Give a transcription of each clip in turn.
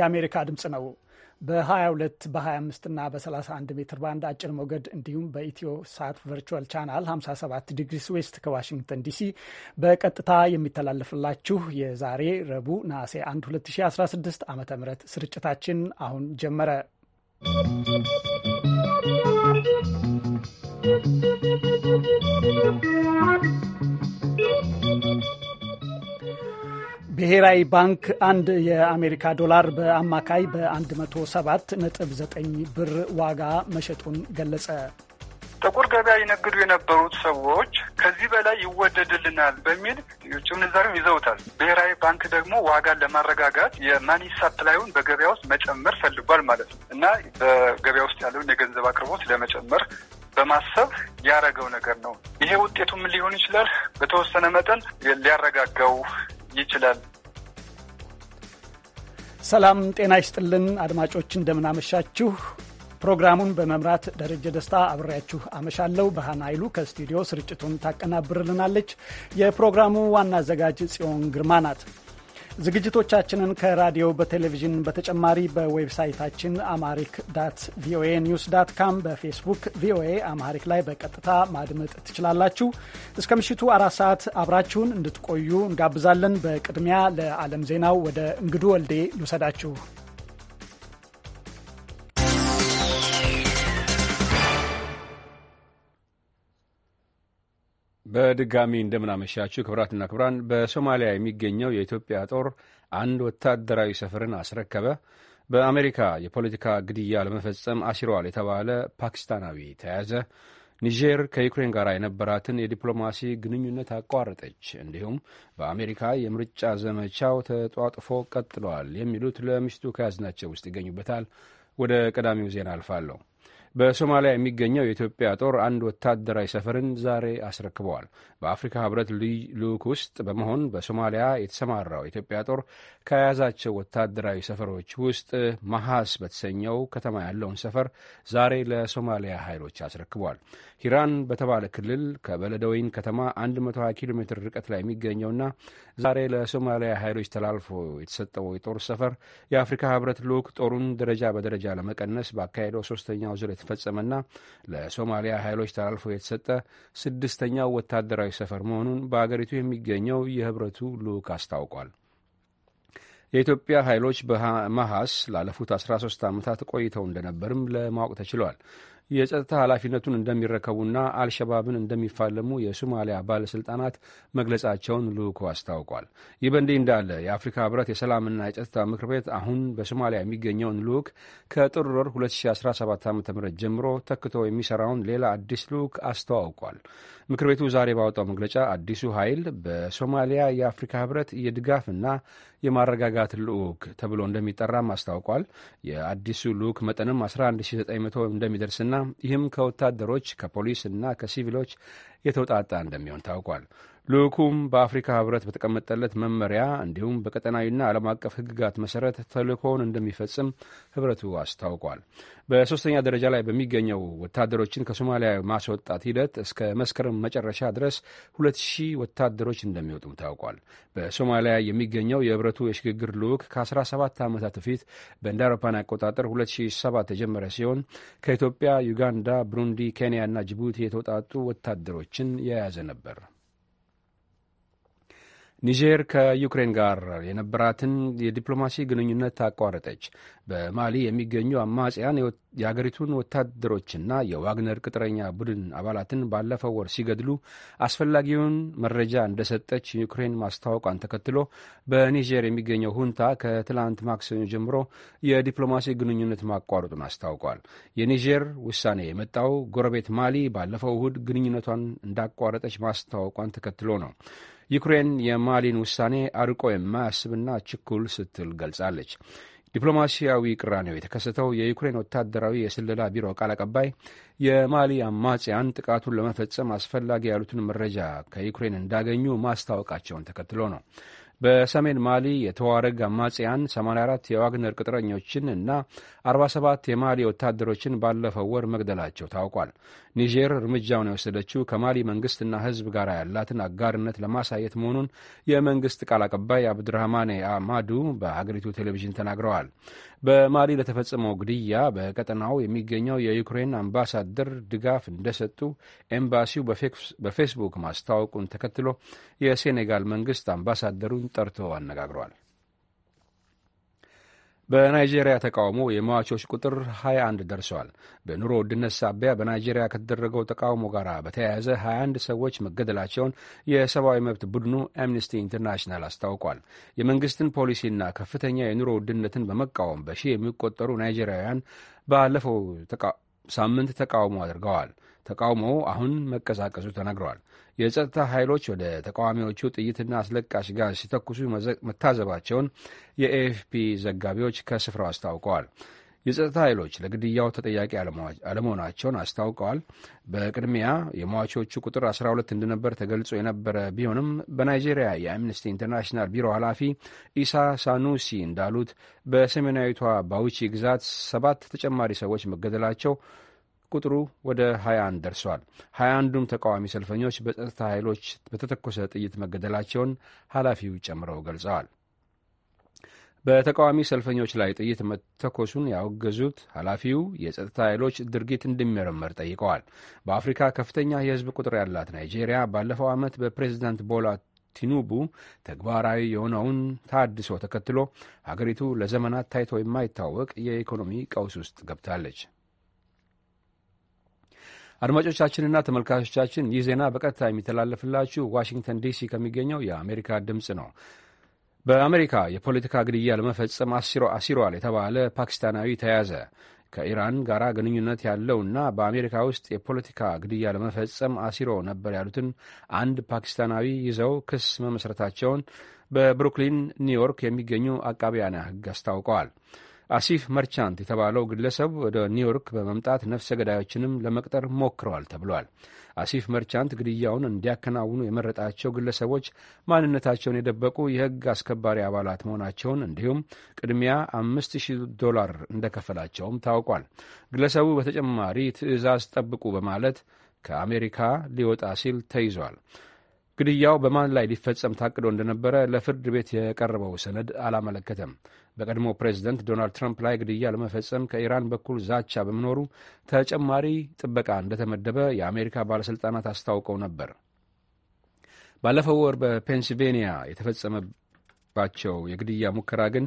የአሜሪካ ድምፅ ነው። በ22 በ25 እና በ31 ሜትር ባንድ አጭር ሞገድ እንዲሁም በኢትዮ ሳት ቨርቹዋል ቻናል 57 ዲግሪስ ዌስት ከዋሽንግተን ዲሲ በቀጥታ የሚተላለፍላችሁ የዛሬ ረቡዕ ነሐሴ 1 2016 ዓ ም ስርጭታችን አሁን ጀመረ። ¶¶ ብሔራዊ ባንክ አንድ የአሜሪካ ዶላር በአማካይ በ107.9 ብር ዋጋ መሸጡን ገለጸ። ጥቁር ገበያ ይነግዱ የነበሩት ሰዎች ከዚህ በላይ ይወደድልናል በሚል የውጭ ምንዛሪውን ይዘውታል። ብሔራዊ ባንክ ደግሞ ዋጋን ለማረጋጋት የማኒ ሳፕላዩን በገበያ ውስጥ መጨመር ፈልጓል ማለት ነው እና በገበያ ውስጥ ያለውን የገንዘብ አቅርቦት ለመጨመር በማሰብ ያረገው ነገር ነው። ይሄ ውጤቱ ምን ሊሆን ይችላል? በተወሰነ መጠን ሊያረጋጋው ይችላል። ሰላም ጤና ይስጥልን አድማጮች፣ እንደምናመሻችሁ። ፕሮግራሙን በመምራት ደረጀ ደስታ አብሬያችሁ አመሻለሁ። ብርሃን ኃይሉ ከስቱዲዮ ስርጭቱን ታቀናብርልናለች። የፕሮግራሙ ዋና አዘጋጅ ጽዮን ግርማ ናት። ዝግጅቶቻችንን ከራዲዮ በቴሌቪዥን በተጨማሪ በዌብሳይታችን አማሪክ ዳት ቪኦኤ ኒውስ ዳት ካም በፌስቡክ ቪኦኤ አማሪክ ላይ በቀጥታ ማድመጥ ትችላላችሁ። እስከ ምሽቱ አራት ሰዓት አብራችሁን እንድትቆዩ እንጋብዛለን። በቅድሚያ ለዓለም ዜናው ወደ እንግዱ ወልዴ ልውሰዳችሁ። በድጋሚ እንደምናመሻችሁ ክብራትና ክብራን። በሶማሊያ የሚገኘው የኢትዮጵያ ጦር አንድ ወታደራዊ ሰፈርን አስረከበ። በአሜሪካ የፖለቲካ ግድያ ለመፈጸም አሲሯል የተባለ ፓኪስታናዊ ተያዘ። ኒጀር ከዩክሬን ጋር የነበራትን የዲፕሎማሲ ግንኙነት አቋረጠች። እንዲሁም በአሜሪካ የምርጫ ዘመቻው ተጧጥፎ ቀጥሏል። የሚሉት ለምሽቱ ከያዝናቸው ውስጥ ይገኙበታል። ወደ ቀዳሚው ዜና አልፋለሁ። በሶማሊያ የሚገኘው የኢትዮጵያ ጦር አንድ ወታደራዊ ሰፈርን ዛሬ አስረክበዋል። በአፍሪካ ህብረት ልዑክ ውስጥ በመሆን በሶማሊያ የተሰማራው የኢትዮጵያ ጦር ከያዛቸው ወታደራዊ ሰፈሮች ውስጥ መሐስ በተሰኘው ከተማ ያለውን ሰፈር ዛሬ ለሶማሊያ ኃይሎች አስረክበዋል። ሂራን በተባለ ክልል ከበለደወይን ከተማ 120 ኪሎ ሜትር ርቀት ላይ የሚገኘውና ዛሬ ለሶማሊያ ኃይሎች ተላልፎ የተሰጠው የጦር ሰፈር የአፍሪካ ህብረት ልዑክ ጦሩን ደረጃ በደረጃ ለመቀነስ ባካሄደው ሶስተኛው ዙር የተፈጸመና ለሶማሊያ ኃይሎች ተላልፎ የተሰጠ ስድስተኛው ወታደራዊ ሰፈር መሆኑን በአገሪቱ የሚገኘው የህብረቱ ልዑክ አስታውቋል። የኢትዮጵያ ኃይሎች በመሐስ ላለፉት 13 ዓመታት ቆይተው እንደነበርም ለማወቅ ተችሏል። የጸጥታ ኃላፊነቱን እንደሚረከቡና አልሸባብን እንደሚፋለሙ የሶማሊያ ባለሥልጣናት መግለጻቸውን ልዑኩ አስታውቋል። ይህ በእንዲህ እንዳለ የአፍሪካ ህብረት የሰላምና የጸጥታ ምክር ቤት አሁን በሶማሊያ የሚገኘውን ልዑክ ከጥር ወር 2017 ዓ ም ጀምሮ ተክቶ የሚሰራውን ሌላ አዲስ ልዑክ አስተዋውቋል። ምክር ቤቱ ዛሬ ባወጣው መግለጫ አዲሱ ኃይል በሶማሊያ የአፍሪካ ህብረት የድጋፍና የማረጋጋት ልዑክ ተብሎ እንደሚጠራም አስታውቋል። የአዲሱ ልዑክ መጠንም 11900 እንደሚደርስና ይህም ከወታደሮች ከፖሊስ እና ከሲቪሎች የተውጣጣ እንደሚሆን ታውቋል። ልኡኩም በአፍሪካ ህብረት በተቀመጠለት መመሪያ እንዲሁም በቀጠናዊና ዓለም አቀፍ ህግጋት መሰረት ተልእኮውን እንደሚፈጽም ህብረቱ አስታውቋል። በሶስተኛ ደረጃ ላይ በሚገኘው ወታደሮችን ከሶማሊያ ማስወጣት ሂደት እስከ መስከረም መጨረሻ ድረስ ሁለት ሺህ ወታደሮች እንደሚወጡም ታውቋል። በሶማሊያ የሚገኘው የህብረቱ የሽግግር ልኡክ ከ17 ዓመታት በፊት በእንደ አውሮፓን አቆጣጠር 2007 የጀመረ ሲሆን ከኢትዮጵያ፣ ዩጋንዳ፣ ብሩንዲ፣ ኬንያና ጅቡቲ የተውጣጡ ወታደሮችን የያዘ ነበር። ኒጀር ከዩክሬን ጋር የነበራትን የዲፕሎማሲ ግንኙነት አቋረጠች። በማሊ የሚገኙ አማጽያን የአገሪቱን ወታደሮችና የዋግነር ቅጥረኛ ቡድን አባላትን ባለፈው ወር ሲገድሉ አስፈላጊውን መረጃ እንደሰጠች ዩክሬን ማስታወቋን ተከትሎ በኒጀር የሚገኘው ሁንታ ከትላንት ማክሰኞ ጀምሮ የዲፕሎማሲ ግንኙነት ማቋረጡን አስታውቋል። የኒጀር ውሳኔ የመጣው ጎረቤት ማሊ ባለፈው እሁድ ግንኙነቷን እንዳቋረጠች ማስታወቋን ተከትሎ ነው። ዩክሬን የማሊን ውሳኔ አርቆ የማያስብና ችኩል ስትል ገልጻለች። ዲፕሎማሲያዊ ቅራኔው የተከሰተው የዩክሬን ወታደራዊ የስለላ ቢሮ ቃል አቀባይ የማሊ አማጽያን ጥቃቱን ለመፈጸም አስፈላጊ ያሉትን መረጃ ከዩክሬን እንዳገኙ ማስታወቃቸውን ተከትሎ ነው። በሰሜን ማሊ የተዋረግ አማጽያን 84 የዋግነር ቅጥረኞችን እና 47 የማሊ ወታደሮችን ባለፈው ወር መግደላቸው ታውቋል። ኒጀር እርምጃውን የወሰደችው ከማሊ መንግስትና ህዝብ ጋር ያላትን አጋርነት ለማሳየት መሆኑን የመንግስት ቃል አቀባይ አብድራህማኔ አማዱ በሀገሪቱ ቴሌቪዥን ተናግረዋል። በማሊ ለተፈጸመው ግድያ በቀጠናው የሚገኘው የዩክሬን አምባሳደር ድጋፍ እንደሰጡ ኤምባሲው በፌስቡክ ማስታወቁን ተከትሎ የሴኔጋል መንግስት አምባሳደሩን ጠርቶ አነጋግሯል። በናይጄሪያ ተቃውሞ የሟቾች ቁጥር 21 ደርሰዋል። በኑሮ ውድነት ሳቢያ በናይጄሪያ ከተደረገው ተቃውሞ ጋር በተያያዘ 21 ሰዎች መገደላቸውን የሰብአዊ መብት ቡድኑ አምነስቲ ኢንተርናሽናል አስታውቋል። የመንግስትን ፖሊሲና ከፍተኛ የኑሮ ውድነትን በመቃወም በሺህ የሚቆጠሩ ናይጄሪያውያን ባለፈው ሳምንት ተቃውሞ አድርገዋል። ተቃውሞ አሁን መቀሳቀሱ ተናግረዋል። የጸጥታ ኃይሎች ወደ ተቃዋሚዎቹ ጥይትና አስለቃሽ ጋዝ ሲተኩሱ መታዘባቸውን የኤኤፍፒ ዘጋቢዎች ከስፍራው አስታውቀዋል። የጸጥታ ኃይሎች ለግድያው ተጠያቂ አለመሆናቸውን አስታውቀዋል። በቅድሚያ የሟቾቹ ቁጥር 12 እንደነበር ተገልጾ የነበረ ቢሆንም በናይጄሪያ የአምነስቲ ኢንተርናሽናል ቢሮ ኃላፊ ኢሳ ሳኑሲ እንዳሉት በሰሜናዊቷ ባውቺ ግዛት ሰባት ተጨማሪ ሰዎች መገደላቸው ቁጥሩ ወደ 21 ደርሷል። 21ዱም ተቃዋሚ ሰልፈኞች በጸጥታ ኃይሎች በተተኮሰ ጥይት መገደላቸውን ኃላፊው ጨምረው ገልጸዋል። በተቃዋሚ ሰልፈኞች ላይ ጥይት መተኮሱን ያወገዙት ኃላፊው የጸጥታ ኃይሎች ድርጊት እንዲመረመር ጠይቀዋል። በአፍሪካ ከፍተኛ የህዝብ ቁጥር ያላት ናይጄሪያ ባለፈው ዓመት በፕሬዝዳንት ቦላ ቲኑቡ ተግባራዊ የሆነውን ታድሶ ተከትሎ ሀገሪቱ ለዘመናት ታይቶ የማይታወቅ የኢኮኖሚ ቀውስ ውስጥ ገብታለች። አድማጮቻችንና ተመልካቾቻችን ይህ ዜና በቀጥታ የሚተላለፍላችሁ ዋሽንግተን ዲሲ ከሚገኘው የአሜሪካ ድምፅ ነው። በአሜሪካ የፖለቲካ ግድያ ለመፈጸም አሲሯል የተባለ ፓኪስታናዊ ተያዘ። ከኢራን ጋር ግንኙነት ያለውና በአሜሪካ ውስጥ የፖለቲካ ግድያ ለመፈጸም አሲሮ ነበር ያሉትን አንድ ፓኪስታናዊ ይዘው ክስ መመስረታቸውን በብሩክሊን ኒውዮርክ የሚገኙ አቃቢያነ ሕግ አስታውቀዋል። አሲፍ መርቻንት የተባለው ግለሰብ ወደ ኒውዮርክ በመምጣት ነፍሰ ገዳዮችንም ለመቅጠር ሞክረዋል ተብሏል። አሲፍ መርቻንት ግድያውን እንዲያከናውኑ የመረጣቸው ግለሰቦች ማንነታቸውን የደበቁ የሕግ አስከባሪ አባላት መሆናቸውን እንዲሁም ቅድሚያ አምስት ሺህ ዶላር እንደከፈላቸውም ታውቋል። ግለሰቡ በተጨማሪ ትዕዛዝ ጠብቁ በማለት ከአሜሪካ ሊወጣ ሲል ተይዟል። ግድያው በማን ላይ ሊፈጸም ታቅዶ እንደነበረ ለፍርድ ቤት የቀረበው ሰነድ አላመለከተም። በቀድሞ ፕሬዚደንት ዶናልድ ትራምፕ ላይ ግድያ ለመፈጸም ከኢራን በኩል ዛቻ በመኖሩ ተጨማሪ ጥበቃ እንደተመደበ የአሜሪካ ባለሥልጣናት አስታውቀው ነበር። ባለፈው ወር በፔንሲልቬንያ የተፈጸመባቸው የግድያ ሙከራ ግን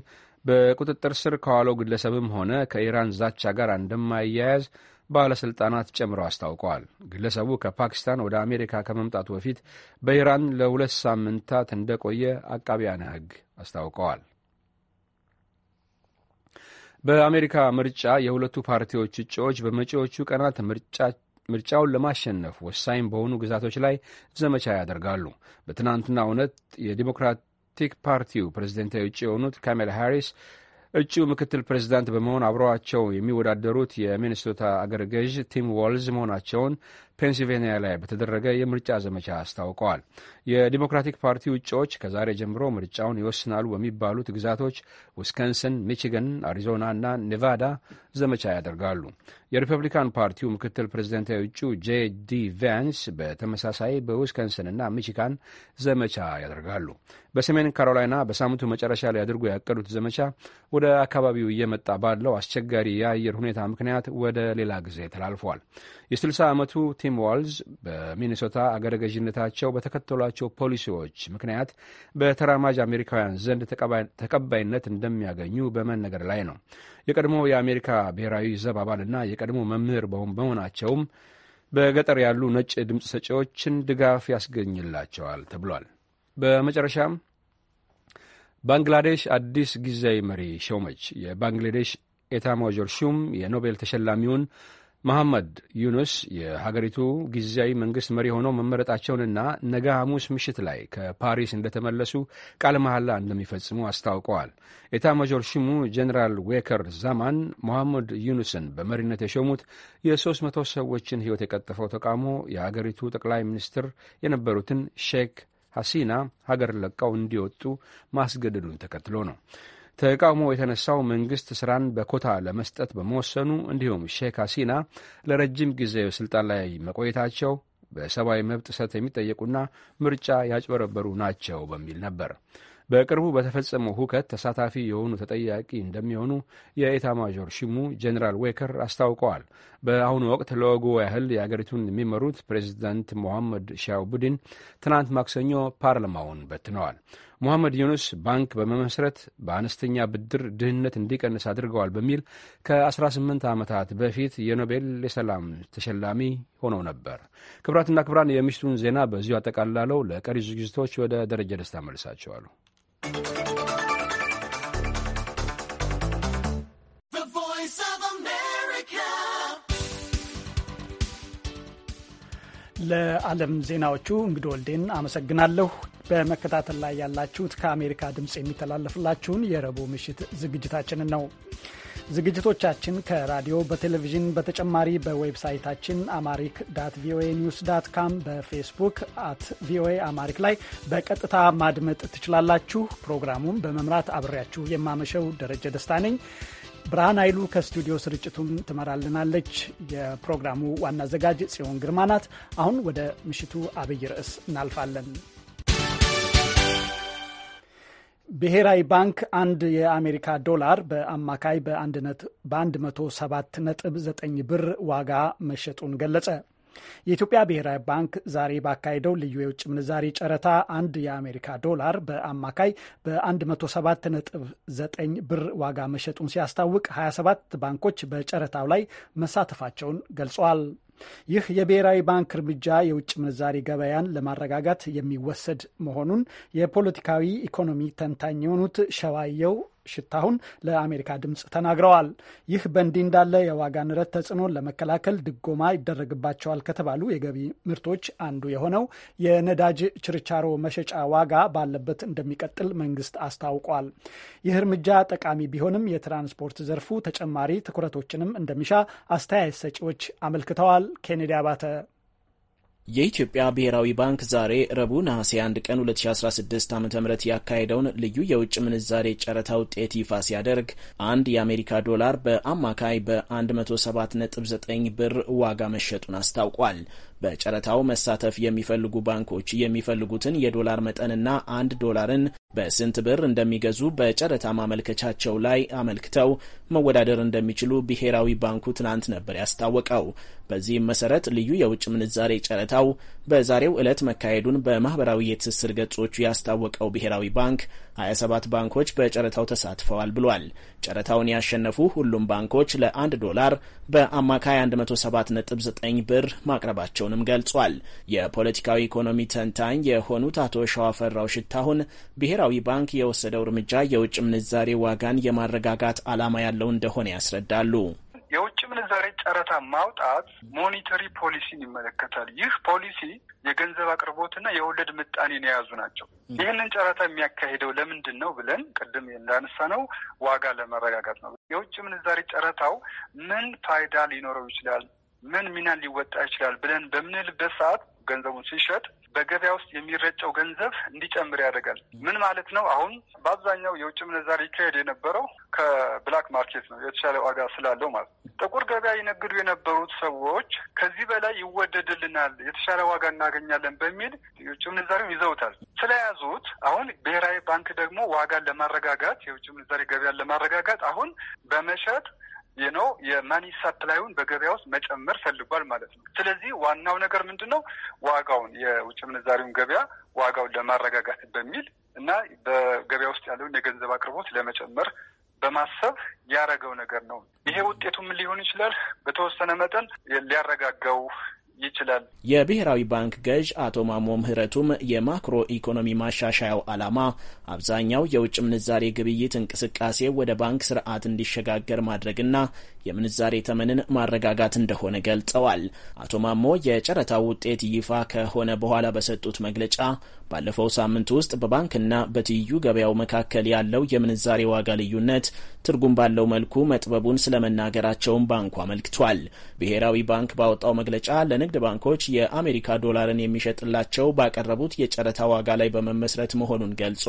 በቁጥጥር ስር ከዋለው ግለሰብም ሆነ ከኢራን ዛቻ ጋር እንደማያያዝ ባለሥልጣናት ጨምረው አስታውቀዋል። ግለሰቡ ከፓኪስታን ወደ አሜሪካ ከመምጣቱ በፊት በኢራን ለሁለት ሳምንታት እንደቆየ አቃቢያነ ሕግ አስታውቀዋል። በአሜሪካ ምርጫ የሁለቱ ፓርቲዎች እጩዎች በመጪዎቹ ቀናት ምርጫ ምርጫውን ለማሸነፍ ወሳኝ በሆኑ ግዛቶች ላይ ዘመቻ ያደርጋሉ። በትናንትና እውነት የዲሞክራቲክ ፓርቲው ፕሬዝደንታዊ እጩ የሆኑት ካሜላ ሃሪስ እጩ ምክትል ፕሬዚዳንት በመሆን አብረዋቸው የሚወዳደሩት የሚኒሶታ አገረ ገዥ ቲም ዋልዝ መሆናቸውን ፔንሲልቬንያ ላይ በተደረገ የምርጫ ዘመቻ አስታውቀዋል። የዲሞክራቲክ ፓርቲ ውጭዎች ከዛሬ ጀምሮ ምርጫውን ይወስናሉ በሚባሉት ግዛቶች ዊስከንሰን፣ ሚችገን፣ አሪዞና እና ኔቫዳ ዘመቻ ያደርጋሉ። የሪፐብሊካን ፓርቲው ምክትል ፕሬዚደንታዊ እጩ ጄ ዲ ቫንስ በተመሳሳይ በዊስከንሰን እና ሚችጋን ዘመቻ ያደርጋሉ። በሰሜን ካሮላይና በሳምንቱ መጨረሻ ላይ ያደርጉ ያቀዱት ዘመቻ ወደ አካባቢው እየመጣ ባለው አስቸጋሪ የአየር ሁኔታ ምክንያት ወደ ሌላ ጊዜ ተላልፏል። የ60 ዓመቱ ቲም ዋልዝ በሚኒሶታ አገረ ገዥነታቸው በተከተሏቸው ፖሊሲዎች ምክንያት በተራማጅ አሜሪካውያን ዘንድ ተቀባይነት እንደሚያገኙ በመነገር ላይ ነው። የቀድሞ የአሜሪካ ብሔራዊ ዘብ አባልና የቀድሞ መምህር በመሆናቸውም በገጠር ያሉ ነጭ ድምፅ ሰጪዎችን ድጋፍ ያስገኝላቸዋል ተብሏል። በመጨረሻም ባንግላዴሽ አዲስ ጊዜያዊ መሪ ሾመች። የባንግላዴሽ ኤታማዦር ሹም የኖቤል ተሸላሚውን መሐመድ ዩኑስ የሀገሪቱ ጊዜያዊ መንግሥት መሪ ሆነው መመረጣቸውንና ነገ ሐሙስ ምሽት ላይ ከፓሪስ እንደተመለሱ ቃለ መሐላ እንደሚፈጽሙ አስታውቀዋል። ኤታ ማጆር ሽሙ ጀኔራል ዌከር ዛማን መሐመድ ዩኑስን በመሪነት የሾሙት የሦስት መቶ ሰዎችን ሕይወት የቀጠፈው ተቃውሞ የሀገሪቱ ጠቅላይ ሚኒስትር የነበሩትን ሼክ ሐሲና ሀገር ለቀው እንዲወጡ ማስገደዱን ተከትሎ ነው። ተቃውሞ የተነሳው መንግስት ስራን በኮታ ለመስጠት በመወሰኑ እንዲሁም ሼክ ሀሲና ለረጅም ጊዜ ስልጣን ላይ መቆየታቸው በሰብአዊ መብት ጥሰት የሚጠየቁና ምርጫ ያጭበረበሩ ናቸው በሚል ነበር። በቅርቡ በተፈጸመው ሁከት ተሳታፊ የሆኑ ተጠያቂ እንደሚሆኑ ማዦር ሽሙ ጄኔራል ዌከር አስታውቀዋል። በአሁኑ ወቅት ለወጉ ያህል የአገሪቱን የሚመሩት ፕሬዚዳንት ሞሐመድ ሻውቡዲን ትናንት ማክሰኞ ፓርላማውን በትነዋል። ሙሐመድ ዩኑስ ባንክ በመመስረት በአነስተኛ ብድር ድህነት እንዲቀንስ አድርገዋል በሚል ከ18 ዓመታት በፊት የኖቤል የሰላም ተሸላሚ ሆነው ነበር። ክብራትና ክብራን፣ የምሽቱን ዜና በዚሁ አጠቃላለው። ለቀሪ ዝግጅቶች ወደ ደረጀ ደስታ መልሳቸዋሉ። ለዓለም ዜናዎቹ እንግዲ ወልዴን አመሰግናለሁ። በመከታተል ላይ ያላችሁት ከአሜሪካ ድምፅ የሚተላለፍላችሁን የረቡዕ ምሽት ዝግጅታችንን ነው። ዝግጅቶቻችን ከራዲዮ በቴሌቪዥን በተጨማሪ በዌብሳይታችን አማሪክ ዳት ቪኦኤ ኒውስ ዳት ካም በፌስቡክ አት ቪኦኤ አማሪክ ላይ በቀጥታ ማድመጥ ትችላላችሁ። ፕሮግራሙን በመምራት አብሬያችሁ የማመሸው ደረጀ ደስታ ነኝ። ብርሃን ኃይሉ ከስቱዲዮ ስርጭቱን ትመራልናለች። የፕሮግራሙ ዋና አዘጋጅ ጽዮን ግርማ ናት። አሁን ወደ ምሽቱ አብይ ርዕስ እናልፋለን። ብሔራዊ ባንክ አንድ የአሜሪካ ዶላር በአማካይ በ107.9 ብር ዋጋ መሸጡን ገለጸ። የኢትዮጵያ ብሔራዊ ባንክ ዛሬ ባካሄደው ልዩ የውጭ ምንዛሪ ጨረታ አንድ የአሜሪካ ዶላር በአማካይ በ107.9 ብር ዋጋ መሸጡን ሲያስታውቅ 27 ባንኮች በጨረታው ላይ መሳተፋቸውን ገልጸዋል። ይህ የብሔራዊ ባንክ እርምጃ የውጭ ምንዛሪ ገበያን ለማረጋጋት የሚወሰድ መሆኑን የፖለቲካዊ ኢኮኖሚ ተንታኝ የሆኑት ሸዋየው ሽታሁን ለአሜሪካ ድምፅ ተናግረዋል። ይህ በእንዲህ እንዳለ የዋጋ ንረት ተጽዕኖን ለመከላከል ድጎማ ይደረግባቸዋል ከተባሉ የገቢ ምርቶች አንዱ የሆነው የነዳጅ ችርቻሮ መሸጫ ዋጋ ባለበት እንደሚቀጥል መንግስት አስታውቋል። ይህ እርምጃ ጠቃሚ ቢሆንም የትራንስፖርት ዘርፉ ተጨማሪ ትኩረቶችንም እንደሚሻ አስተያየት ሰጪዎች አመልክተዋል። ኬኔዲ አባተ የኢትዮጵያ ብሔራዊ ባንክ ዛሬ ረቡዕ ነሐሴ 1 ቀን 2016 ዓ ም ያካሄደውን ልዩ የውጭ ምንዛሬ ጨረታ ውጤት ይፋ ሲያደርግ አንድ የአሜሪካ ዶላር በአማካይ በ107.9 ብር ዋጋ መሸጡን አስታውቋል። በጨረታው መሳተፍ የሚፈልጉ ባንኮች የሚፈልጉትን የዶላር መጠንና አንድ ዶላርን በስንት ብር እንደሚገዙ በጨረታ ማመልከቻቸው ላይ አመልክተው መወዳደር እንደሚችሉ ብሔራዊ ባንኩ ትናንት ነበር ያስታወቀው። በዚህም መሰረት ልዩ የውጭ ምንዛሬ ጨረታው በዛሬው ዕለት መካሄዱን በማህበራዊ የትስስር ገጾቹ ያስታወቀው ብሔራዊ ባንክ 27 ባንኮች በጨረታው ተሳትፈዋል ብሏል። ጨረታውን ያሸነፉ ሁሉም ባንኮች ለ1 ዶላር በአማካይ 107.9 ብር ማቅረባቸውንም ገልጿል። የፖለቲካዊ ኢኮኖሚ ተንታኝ የሆኑት አቶ ሸዋፈራው ሽታሁን ብሔራዊ ባንክ የወሰደው እርምጃ የውጭ ምንዛሬ ዋጋን የማረጋጋት ዓላማ ያለው እንደሆነ ያስረዳሉ። የውጭ ምንዛሬ ጨረታ ማውጣት ሞኒተሪ ፖሊሲን ይመለከታል። ይህ ፖሊሲ የገንዘብ አቅርቦትና የወለድ ምጣኔን የያዙ ናቸው። ይህንን ጨረታ የሚያካሂደው ለምንድን ነው ብለን ቅድም እንዳነሳነው ዋጋ ለመረጋጋት ነው። የውጭ ምንዛሬ ጨረታው ምን ፋይዳ ሊኖረው ይችላል፣ ምን ሚና ሊወጣ ይችላል ብለን በምንልበት ሰዓት ገንዘቡን ሲሸጥ በገበያ ውስጥ የሚረጨው ገንዘብ እንዲጨምር ያደርጋል። ምን ማለት ነው? አሁን በአብዛኛው የውጭ ምንዛሪ ይካሄድ የነበረው ከብላክ ማርኬት ነው፣ የተሻለ ዋጋ ስላለው ማለት ነው። ጥቁር ገበያ ይነግዱ የነበሩት ሰዎች ከዚህ በላይ ይወደድልናል፣ የተሻለ ዋጋ እናገኛለን በሚል የውጭ ምንዛሪውን ይዘውታል። ስለያዙት አሁን ብሔራዊ ባንክ ደግሞ ዋጋን ለማረጋጋት የውጭ ምንዛሪ ገበያን ለማረጋጋት አሁን በመሸጥ የኖ የማኒ ሳፕላዩን በገበያ ውስጥ መጨመር ፈልጓል ማለት ነው። ስለዚህ ዋናው ነገር ምንድን ነው? ዋጋውን የውጭ ምንዛሪውን ገበያ ዋጋውን ለማረጋጋት በሚል እና በገበያ ውስጥ ያለውን የገንዘብ አቅርቦት ለመጨመር በማሰብ ያረገው ነገር ነው። ይሄ ውጤቱ ምን ሊሆን ይችላል? በተወሰነ መጠን ሊያረጋጋው ይችላል። የብሔራዊ ባንክ ገዥ አቶ ማሞ ምህረቱም የማክሮ ኢኮኖሚ ማሻሻያው ዓላማ አብዛኛው የውጭ ምንዛሬ ግብይት እንቅስቃሴ ወደ ባንክ ስርዓት እንዲሸጋገር ማድረግና የምንዛሬ ተመንን ማረጋጋት እንደሆነ ገልጸዋል። አቶ ማሞ የጨረታው ውጤት ይፋ ከሆነ በኋላ በሰጡት መግለጫ ባለፈው ሳምንት ውስጥ በባንክና በትይዩ ገበያው መካከል ያለው የምንዛሬ ዋጋ ልዩነት ትርጉም ባለው መልኩ መጥበቡን ስለመናገራቸውን ባንኩ አመልክቷል። ብሔራዊ ባንክ ባወጣው መግለጫ ለንግድ ንግድ ባንኮች የአሜሪካ ዶላርን የሚሸጥላቸው ባቀረቡት የጨረታ ዋጋ ላይ በመመስረት መሆኑን ገልጾ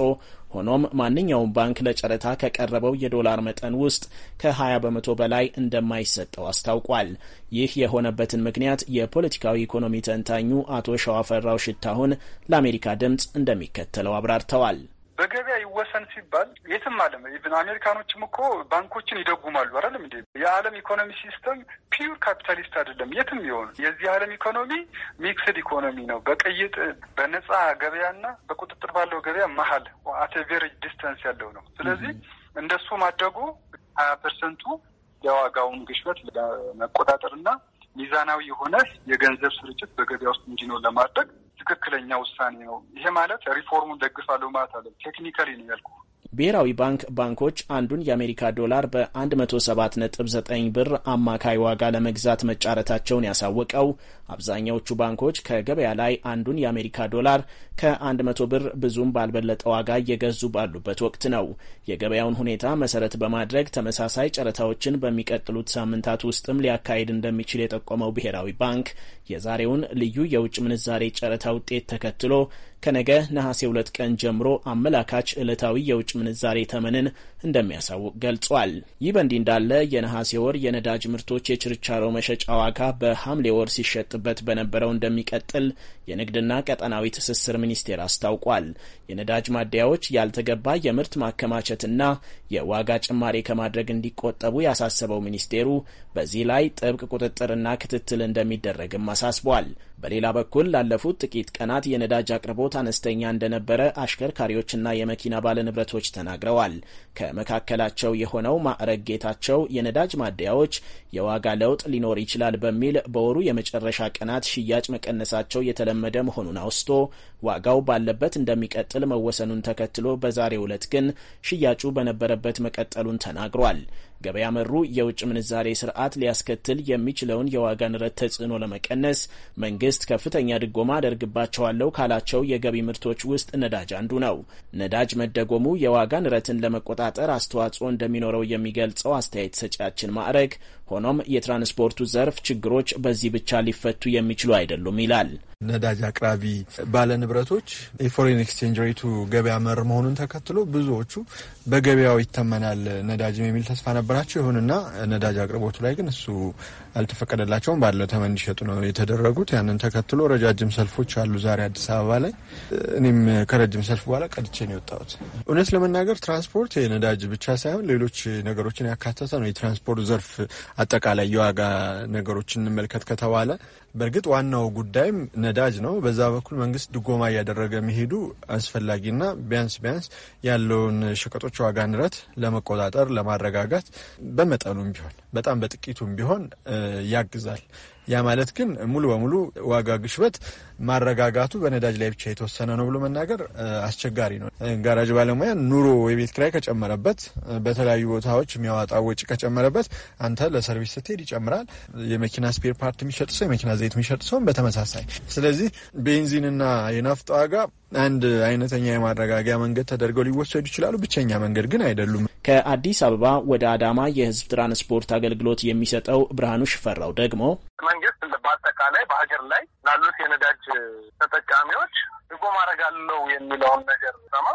ሆኖም ማንኛውም ባንክ ለጨረታ ከቀረበው የዶላር መጠን ውስጥ ከ20 በመቶ በላይ እንደማይሰጠው አስታውቋል። ይህ የሆነበትን ምክንያት የፖለቲካዊ ኢኮኖሚ ተንታኙ አቶ ሸዋፈራው ሽታሁን ለአሜሪካ ድምፅ እንደሚከተለው አብራርተዋል። በገበያ ይወሰን ሲባል የትም ዓለም ኢቭን አሜሪካኖችም እኮ ባንኮችን ይደጉማሉ አይደለም እንዴ? የዓለም ኢኮኖሚ ሲስተም ፒዩር ካፒታሊስት አይደለም። የትም የሆኑ የዚህ ዓለም ኢኮኖሚ ሚክስድ ኢኮኖሚ ነው። በቅይጥ በነፃ ገበያና በቁጥጥር ባለው ገበያ መሀል አት ቬሬጅ ዲስተንስ ያለው ነው። ስለዚህ እንደሱ ማደጉ ሀያ ፐርሰንቱ የዋጋውን ግሽበት ለመቆጣጠር ሚዛናዊ የሆነ የገንዘብ ስርጭት በገበያ ውስጥ እንዲኖር ለማድረግ ትክክለኛ ውሳኔ ነው። ይሄ ማለት ሪፎርሙን ደግፋለሁ ማለት አለ ቴክኒካሊ ነው ያልኩህ ብሔራዊ ባንክ ባንኮች አንዱን የአሜሪካ ዶላር በ107.9 ብር አማካይ ዋጋ ለመግዛት መጫረታቸውን ያሳወቀው አብዛኛዎቹ ባንኮች ከገበያ ላይ አንዱን የአሜሪካ ዶላር ከ100 ብር ብዙም ባልበለጠ ዋጋ እየገዙ ባሉበት ወቅት ነው። የገበያውን ሁኔታ መሰረት በማድረግ ተመሳሳይ ጨረታዎችን በሚቀጥሉት ሳምንታት ውስጥም ሊያካሂድ እንደሚችል የጠቆመው ብሔራዊ ባንክ የዛሬውን ልዩ የውጭ ምንዛሬ ጨረታ ውጤት ተከትሎ ከነገ ነሐሴ ሁለት ቀን ጀምሮ አመላካች ዕለታዊ የውጭ ምንዛሬ ተመንን እንደሚያሳውቅ ገልጿል። ይህ በእንዲህ እንዳለ የነሐሴ ወር የነዳጅ ምርቶች የችርቻሮ መሸጫ ዋጋ በሐምሌ ወር ሲሸጥበት በነበረው እንደሚቀጥል የንግድና ቀጠናዊ ትስስር ሚኒስቴር አስታውቋል። የነዳጅ ማደያዎች ያልተገባ የምርት ማከማቸትና የዋጋ ጭማሪ ከማድረግ እንዲቆጠቡ ያሳሰበው ሚኒስቴሩ በዚህ ላይ ጥብቅ ቁጥጥርና ክትትል እንደሚደረግም አሳስቧል። በሌላ በኩል ላለፉት ጥቂት ቀናት የነዳጅ አቅርቦት አነስተኛ እንደነበረ አሽከርካሪዎችና የመኪና ባለንብረቶች ተናግረዋል። ከመካከላቸው የሆነው ማዕረግ ጌታቸው የነዳጅ ማደያዎች የዋጋ ለውጥ ሊኖር ይችላል በሚል በወሩ የመጨረሻ ቀናት ሽያጭ መቀነሳቸው የተለመደ መሆኑን አውስቶ ዋጋው ባለበት እንደሚቀጥል መወሰኑን ተከትሎ በዛሬው ዕለት ግን ሽያጩ በነበረበት መቀጠሉን ተናግሯል። ገበያ መሩ የውጭ ምንዛሬ ስርዓት ሊያስከትል የሚችለውን የዋጋ ንረት ተጽዕኖ ለመቀነስ መንግስት ከፍተኛ ድጎማ አደርግባቸዋለሁ ካላቸው የገቢ ምርቶች ውስጥ ነዳጅ አንዱ ነው። ነዳጅ መደጎሙ የዋጋ ንረትን ለመቆጣጠር አስተዋጽኦ እንደሚኖረው የሚገልጸው አስተያየት ሰጪያችን ማዕረግ ሆኖም የትራንስፖርቱ ዘርፍ ችግሮች በዚህ ብቻ ሊፈቱ የሚችሉ አይደሉም ይላል። ነዳጅ አቅራቢ ባለንብረቶች የፎሬን ኤክስቼንጅ ሬቱ ገበያ መር መሆኑን ተከትሎ ብዙዎቹ በገበያው ይተመናል ነዳጅም የሚል ተስፋ ነበራቸው። ይሁንና ነዳጅ አቅርቦቱ ላይ ግን እሱ አልተፈቀደላቸውም ባለው ተመን እንዲሸጡ ነው የተደረጉት። ያንን ተከትሎ ረጃጅም ሰልፎች አሉ ዛሬ አዲስ አበባ ላይ። እኔም ከረጅም ሰልፍ በኋላ ቀድቼ ነው የወጣሁት። እውነት ለመናገር ትራንስፖርት የነዳጅ ብቻ ሳይሆን ሌሎች ነገሮችን ያካተተ ነው። የትራንስፖርት ዘርፍ አጠቃላይ የዋጋ ነገሮችን እንመልከት ከተባለ በእርግጥ ዋናው ጉዳይም ነዳጅ ነው። በዛ በኩል መንግስት ድጎማ እያደረገ መሄዱ አስፈላጊና ቢያንስ ቢያንስ ያለውን ሸቀጦች ዋጋ ንረት ለመቆጣጠር ለማረጋጋት፣ በመጠኑም ቢሆን በጣም በጥቂቱም ቢሆን ያግዛል። ያ ማለት ግን ሙሉ በሙሉ ዋጋ ግሽበት ማረጋጋቱ በነዳጅ ላይ ብቻ የተወሰነ ነው ብሎ መናገር አስቸጋሪ ነው። ጋራጅ ባለሙያ ኑሮ የቤት ኪራይ ከጨመረበት፣ በተለያዩ ቦታዎች የሚያወጣ ወጪ ከጨመረበት፣ አንተ ለሰርቪስ ስትሄድ ይጨምራል። የመኪና ስፔር ፓርት የሚሸጥ ሰው፣ የመኪና ዘይት የሚሸጥ ሰውም በተመሳሳይ። ስለዚህ ቤንዚንና የናፍጣ ዋጋ አንድ አይነተኛ የማረጋጊያ መንገድ ተደርገው ሊወሰዱ ይችላሉ። ብቸኛ መንገድ ግን አይደሉም። ከአዲስ አበባ ወደ አዳማ የህዝብ ትራንስፖርት አገልግሎት የሚሰጠው ብርሃኑ ሽፈራው ደግሞ መንግስት በአጠቃላይ በሀገር ላይ ላሉት የነዳጅ ተጠቃሚዎች ህጎ ማድረግ አለው የሚለውን ነገር ሰማ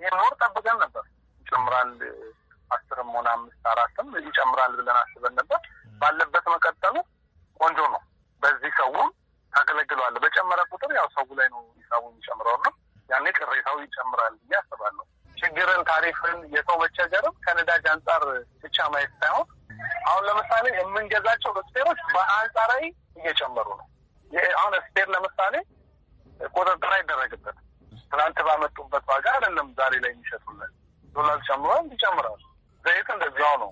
ይሄን ኖር ጠብቀን ነበር። ይጨምራል አስርም ሆነ አምስት አራትም ይጨምራል ብለን አስበን ነበር። ባለበት መቀጠሉ ቆንጆ ነው። በዚህ ሰውም ታገለግለዋለ። በጨመረ ቁጥር ያው ሰው ላይ ነው ሂሳቡ የሚጨምረው ነው። ያኔ ቅሬታው ይጨምራል ብዬ አስባለሁ። ችግርን፣ ታሪፍን፣ የሰው መቸገርም ከነዳጅ አንጻር ብቻ ማየት ሳይሆን አሁን ለምሳሌ የምንገዛቸው ስፌሮች በአንጻራዊ እየጨመሩ ነው። አሁን ስፔር ለምሳሌ ቁጥጥር አይደረግበት። ትናንት ባመጡበት ዋጋ አይደለም ዛሬ ላይ የሚሸጡለን። ዶላር ጨምሯል፣ ይጨምራል። ዘይት እንደዚያው ነው።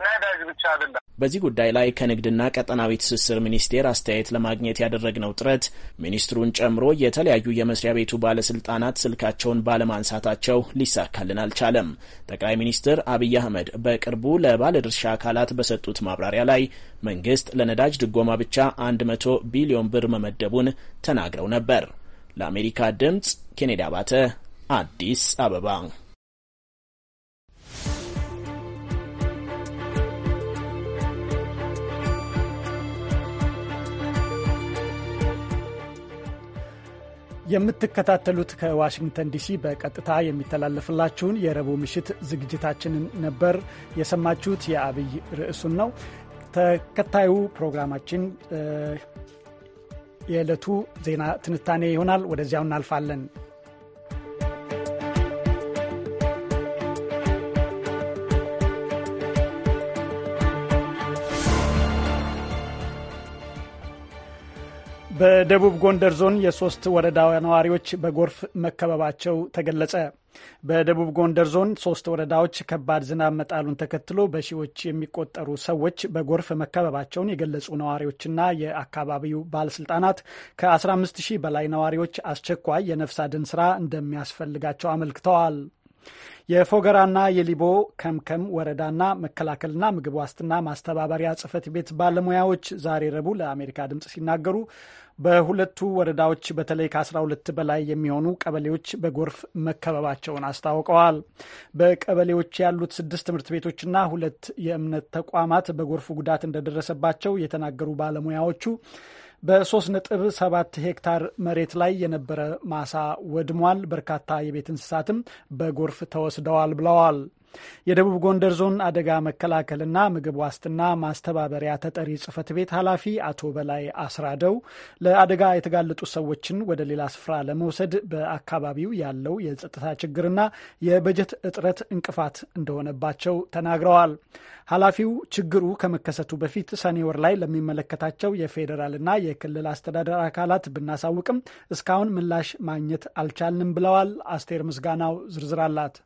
ነዳጅ ብቻ አይደለም በዚህ ጉዳይ ላይ ከንግድና ቀጠናዊ ትስስር ሚኒስቴር አስተያየት ለማግኘት ያደረግነው ጥረት ሚኒስትሩን ጨምሮ የተለያዩ የመስሪያ ቤቱ ባለስልጣናት ስልካቸውን ባለማንሳታቸው ሊሳካልን አልቻለም። ጠቅላይ ሚኒስትር አብይ አህመድ በቅርቡ ለባለድርሻ አካላት በሰጡት ማብራሪያ ላይ መንግስት ለነዳጅ ድጎማ ብቻ 100 ቢሊዮን ብር መመደቡን ተናግረው ነበር። ለአሜሪካ ድምጽ ኬኔዲ አባተ አዲስ አበባ የምትከታተሉት ከዋሽንግተን ዲሲ በቀጥታ የሚተላለፍላችሁን የረቡዕ ምሽት ዝግጅታችንን ነበር የሰማችሁት። የአብይ ርዕሱን ነው። ተከታዩ ፕሮግራማችን የዕለቱ ዜና ትንታኔ ይሆናል። ወደዚያው እናልፋለን። በደቡብ ጎንደር ዞን የሶስት ወረዳ ነዋሪዎች በጎርፍ መከበባቸው ተገለጸ። በደቡብ ጎንደር ዞን ሶስት ወረዳዎች ከባድ ዝናብ መጣሉን ተከትሎ በሺዎች የሚቆጠሩ ሰዎች በጎርፍ መከበባቸውን የገለጹ ነዋሪዎችና የአካባቢው ባለስልጣናት ከ15 ሺህ በላይ ነዋሪዎች አስቸኳይ የነፍስ አድን ስራ እንደሚያስፈልጋቸው አመልክተዋል። የፎገራና የሊቦ ከምከም ወረዳና መከላከልና ምግብ ዋስትና ማስተባበሪያ ጽህፈት ቤት ባለሙያዎች ዛሬ ረቡዕ ለአሜሪካ ድምፅ ሲናገሩ በሁለቱ ወረዳዎች በተለይ ከ12 በላይ የሚሆኑ ቀበሌዎች በጎርፍ መከበባቸውን አስታውቀዋል። በቀበሌዎች ያሉት ስድስት ትምህርት ቤቶችና ሁለት የእምነት ተቋማት በጎርፍ ጉዳት እንደደረሰባቸው የተናገሩ ባለሙያዎቹ በ3.7 ሄክታር መሬት ላይ የነበረ ማሳ ወድሟል፣ በርካታ የቤት እንስሳትም በጎርፍ ተወስደዋል ብለዋል። የደቡብ ጎንደር ዞን አደጋ መከላከልና ምግብ ዋስትና ማስተባበሪያ ተጠሪ ጽህፈት ቤት ኃላፊ አቶ በላይ አስራደው ለአደጋ የተጋለጡ ሰዎችን ወደ ሌላ ስፍራ ለመውሰድ በአካባቢው ያለው የጸጥታ ችግርና የበጀት እጥረት እንቅፋት እንደሆነባቸው ተናግረዋል። ኃላፊው ችግሩ ከመከሰቱ በፊት ሰኔ ወር ላይ ለሚመለከታቸው የፌዴራልና የክልል አስተዳደር አካላት ብናሳውቅም እስካሁን ምላሽ ማግኘት አልቻልንም ብለዋል። አስቴር ምስጋናው ዝርዝር አላት።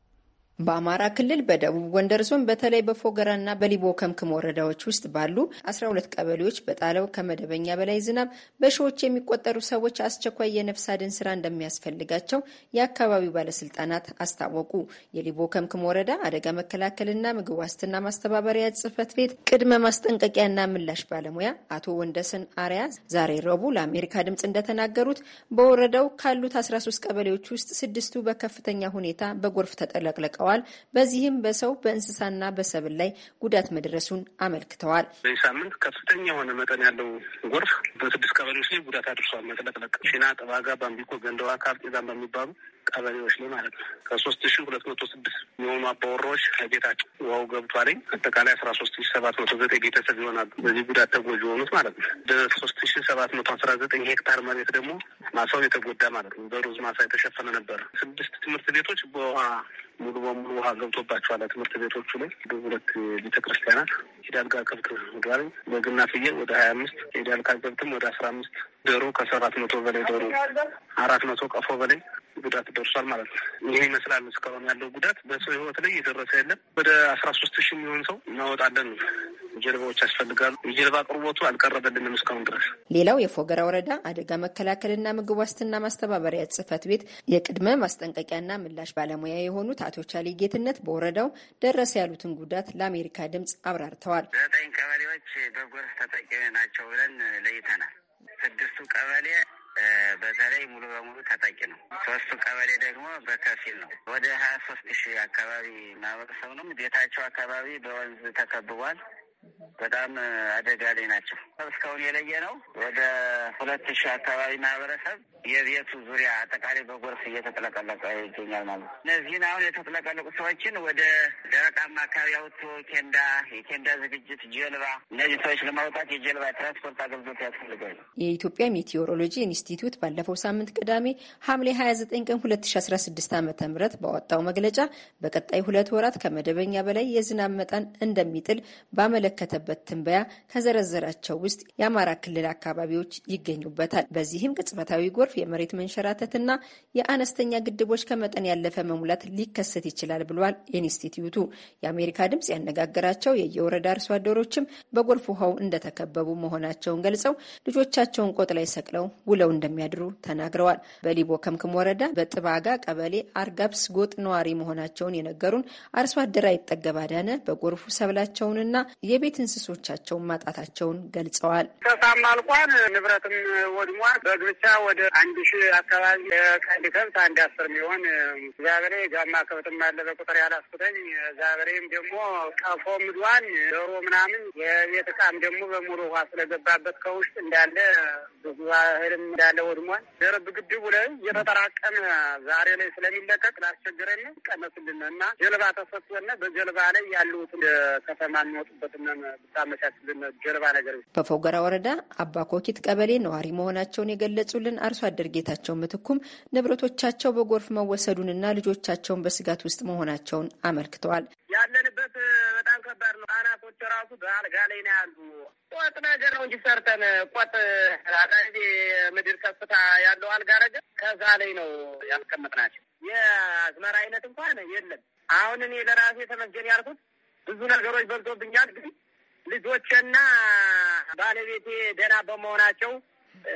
በአማራ ክልል በደቡብ ጎንደር ዞን በተለይ በፎገራና በሊቦ ከምክም ወረዳዎች ውስጥ ባሉ 12 ቀበሌዎች በጣለው ከመደበኛ በላይ ዝናብ በሺዎች የሚቆጠሩ ሰዎች አስቸኳይ የነፍስ አድን ስራ እንደሚያስፈልጋቸው የአካባቢው ባለስልጣናት አስታወቁ። የሊቦ ከምክም ወረዳ አደጋ መከላከልና ምግብ ዋስትና ማስተባበሪያ ጽህፈት ቤት ቅድመ ማስጠንቀቂያና ምላሽ ባለሙያ አቶ ወንደሰን አሪያ ዛሬ ረቡዕ ለአሜሪካ ድምጽ እንደተናገሩት በወረዳው ካሉት 13 ቀበሌዎች ውስጥ ስድስቱ በከፍተኛ ሁኔታ በጎርፍ ተጠለቅለቀዋል። ገልጸዋል። በዚህም በሰው በእንስሳና በሰብል ላይ ጉዳት መድረሱን አመልክተዋል። በዚህ ሳምንት ከፍተኛ የሆነ መጠን ያለው ጎርፍ በስድስት ቀበሌዎች ላይ ጉዳት አድርሷል። መጥለቅለቅ፣ ሽና፣ ጥባጋ፣ ባምቢኮ፣ ገንደዋ፣ ካርጤዛን በሚባሉ ቀበሌዎች ላይ ማለት ነው። ከሶስት ሺ ሁለት መቶ ስድስት የሆኑ አባወራዎች ከቤታቸው ውሃው ገብቷልኝ አጠቃላይ አስራ ሶስት ሺ ሰባት መቶ ዘጠኝ ቤተሰብ ይሆናሉ በዚህ ጉዳት ተጎጂ የሆኑት ማለት ነው። በሶስት ሺ ሰባት መቶ አስራ ዘጠኝ ሄክታር መሬት ደግሞ ማሳው የተጎዳ ማለት ነው። በሩዝ ማሳ የተሸፈነ ነበረ። ስድስት ትምህርት ቤቶች በውሃ ሙሉ በሙሉ ውሃ ገብቶባቸዋል። ትምህርት ቤቶቹ ላይ ሁለት ቤተክርስቲያናት፣ ሄዳልጋ ከብት ምግባል በግና ፍየል ወደ ሀያ አምስት ሄዳልጋ ከብትም ወደ አስራ አምስት ዶሮ ከሰባት መቶ በላይ ዶሮ አራት መቶ ቀፎ በላይ ጉዳት ደርሷል ማለት ነው። ይህ ይመስላል እስካሁን ያለው ጉዳት በሰው ህይወት ላይ እየደረሰ የለም። ወደ አስራ ሶስት ሺህ የሚሆን ሰው እናወጣለን። ጀልባዎች ያስፈልጋሉ። የጀልባ አቅርቦቱ አልቀረበልንም እስካሁን ድረስ። ሌላው የፎገራ ወረዳ አደጋ መከላከልና ምግብ ዋስትና ማስተባበሪያ ጽህፈት ቤት የቅድመ ማስጠንቀቂያና ምላሽ ባለሙያ የሆኑት አቶ ቻሌ ጌትነት በወረዳው ደረሰ ያሉትን ጉዳት ለአሜሪካ ድምጽ አብራርተዋል። ዘጠኝ ቀበሌዎች በጎርፍ ተጠቂ ናቸው ብለን ለይተናል። ስድስቱ ቀበሌ በተለይ ሙሉ በሙሉ ተጠቂ ነው። ሶስቱ ቀበሌ ደግሞ በከፊል ነው። ወደ ሀያ ሶስት ሺህ አካባቢ ማህበረሰብ ነው። ቤታቸው አካባቢ በወንዝ ተከብቧል። በጣም አደጋ ላይ ናቸው። እስካሁን የለየ ነው ወደ ሁለት ሺህ አካባቢ ማህበረሰብ የቤቱ ዙሪያ አጠቃላይ በጎርፍ እየተጥለቀለቀ ይገኛል ማለት ነው። እነዚህን አሁን የተጥለቀለቁ ሰዎችን ወደ ደረቃማ አካባቢ አውጥቶ ኬንዳ፣ የኬንዳ ዝግጅት፣ ጀልባ እነዚህ ሰዎች ለማውጣት የጀልባ ትራንስፖርት አገልግሎት ያስፈልጋል። የኢትዮጵያ ሜቴዎሮሎጂ ኢንስቲትዩት ባለፈው ሳምንት ቅዳሜ ሐምሌ ሀያ ዘጠኝ ቀን ሁለት ሺህ አስራ ስድስት ባወጣው መግለጫ በቀጣይ ሁለት ወራት ከመደበኛ በላይ የዝናብ መጠን እንደሚጥል ባመለ በተመለከተበት ትንበያ ከዘረዘራቸው ውስጥ የአማራ ክልል አካባቢዎች ይገኙበታል። በዚህም ቅጽበታዊ ጎርፍ፣ የመሬት መንሸራተትና የአነስተኛ ግድቦች ከመጠን ያለፈ መሙላት ሊከሰት ይችላል ብሏል ኢንስቲትዩቱ። የአሜሪካ ድምጽ ያነጋገራቸው የየወረዳ አርሶ አደሮችም በጎርፍ ውሃው እንደተከበቡ መሆናቸውን ገልጸው ልጆቻቸውን ቆጥ ላይ ሰቅለው ውለው እንደሚያድሩ ተናግረዋል። በሊቦ ከምክም ወረዳ በጥባጋ ቀበሌ አርጋብስ ጎጥ ነዋሪ መሆናቸውን የነገሩን አርሶ አደር አይጠገብ አዳነ በጎርፉ ሰብላቸውንና የቤት እንስሶቻቸውን ማጣታቸውን ገልጸዋል። ከሳም አልቋል፣ ንብረትም ወድሟል። በግብቻ ወደ አንድ ሺህ አካባቢ የቀንድ ከብት አንድ አስር የሚሆን ዛበሬ ጋማ ከብትም አለ በቁጥር ያላስኩተኝ ዛበሬም ደግሞ ቀፎ ምድዋን ዶሮ ምናምን የቤት እቃም ደግሞ በሙሉ ውሃ ስለገባበት ከውስጥ እንዳለ ብዙ እህልም እንዳለ ወድሟል። ደረብ ግድቡ ላይ እየተጠራቀመ ዛሬ ላይ ስለሚለቀቅ ላስቸግረን ቀነስልን እና ጀልባ ተሰጥቶነ በጀልባ ላይ ያሉት ከተማ የሚወጡበትና ብታመቻችልን ጀርባ ነገር። በፎገራ ወረዳ አባ ኮኪት ቀበሌ ነዋሪ መሆናቸውን የገለጹልን አርሶ አደር ጌታቸው ምትኩም ንብረቶቻቸው በጎርፍ መወሰዱንና ልጆቻቸውን በስጋት ውስጥ መሆናቸውን አመልክተዋል። ያለንበት በጣም ከባድ ነው። ህጻናቶች ራሱ በአልጋ ላይ ነው ያሉ። ቆጥ ነገር ነው እንጂ ሰርተን ቆጥ አጣዚ ምድር ከፍታ ያለው አልጋ ነገር ከዛ ላይ ነው ያስቀመጥናቸው። የአዝመራ አይነት እንኳን የለም። አሁን እኔ ለራሴ ተመስገን ያልኩት ብዙ ነገሮች በልቶብኛል። ግን ልጆቼና ባለቤቴ ደህና በመሆናቸው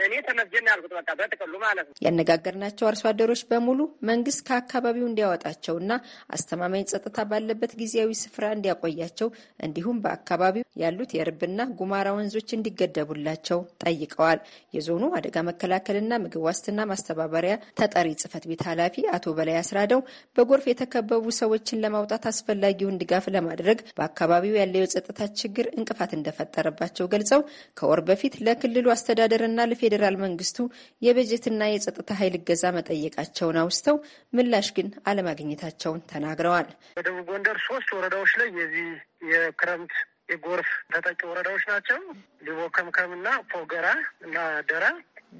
እኔ ተመስገን ያልኩት በቃ በጥቅሉ ማለት ነው። ያነጋገርናቸው አርሶ አደሮች በሙሉ መንግስት ከአካባቢው እንዲያወጣቸውና አስተማማኝ ጸጥታ ባለበት ጊዜያዊ ስፍራ እንዲያቆያቸው እንዲሁም በአካባቢው ያሉት የርብና ጉማራ ወንዞች እንዲገደቡላቸው ጠይቀዋል። የዞኑ አደጋ መከላከልና ምግብ ዋስትና ማስተባበሪያ ተጠሪ ጽህፈት ቤት ኃላፊ አቶ በላይ አስራደው በጎርፍ የተከበቡ ሰዎችን ለማውጣት አስፈላጊውን ድጋፍ ለማድረግ በአካባቢው ያለው የጸጥታ ችግር እንቅፋት እንደፈጠረባቸው ገልጸው ከወር በፊት ለክልሉ አስተዳደርና ፌዴራል መንግስቱ የበጀትና የጸጥታ ኃይል እገዛ መጠየቃቸውን አውስተው ምላሽ ግን አለማግኘታቸውን ተናግረዋል። በደቡብ ጎንደር ሶስት ወረዳዎች ላይ የዚህ የክረምት የጎርፍ ተጠቂ ወረዳዎች ናቸው። ሊቦ ከምከምና ፎገራ እና ደራ።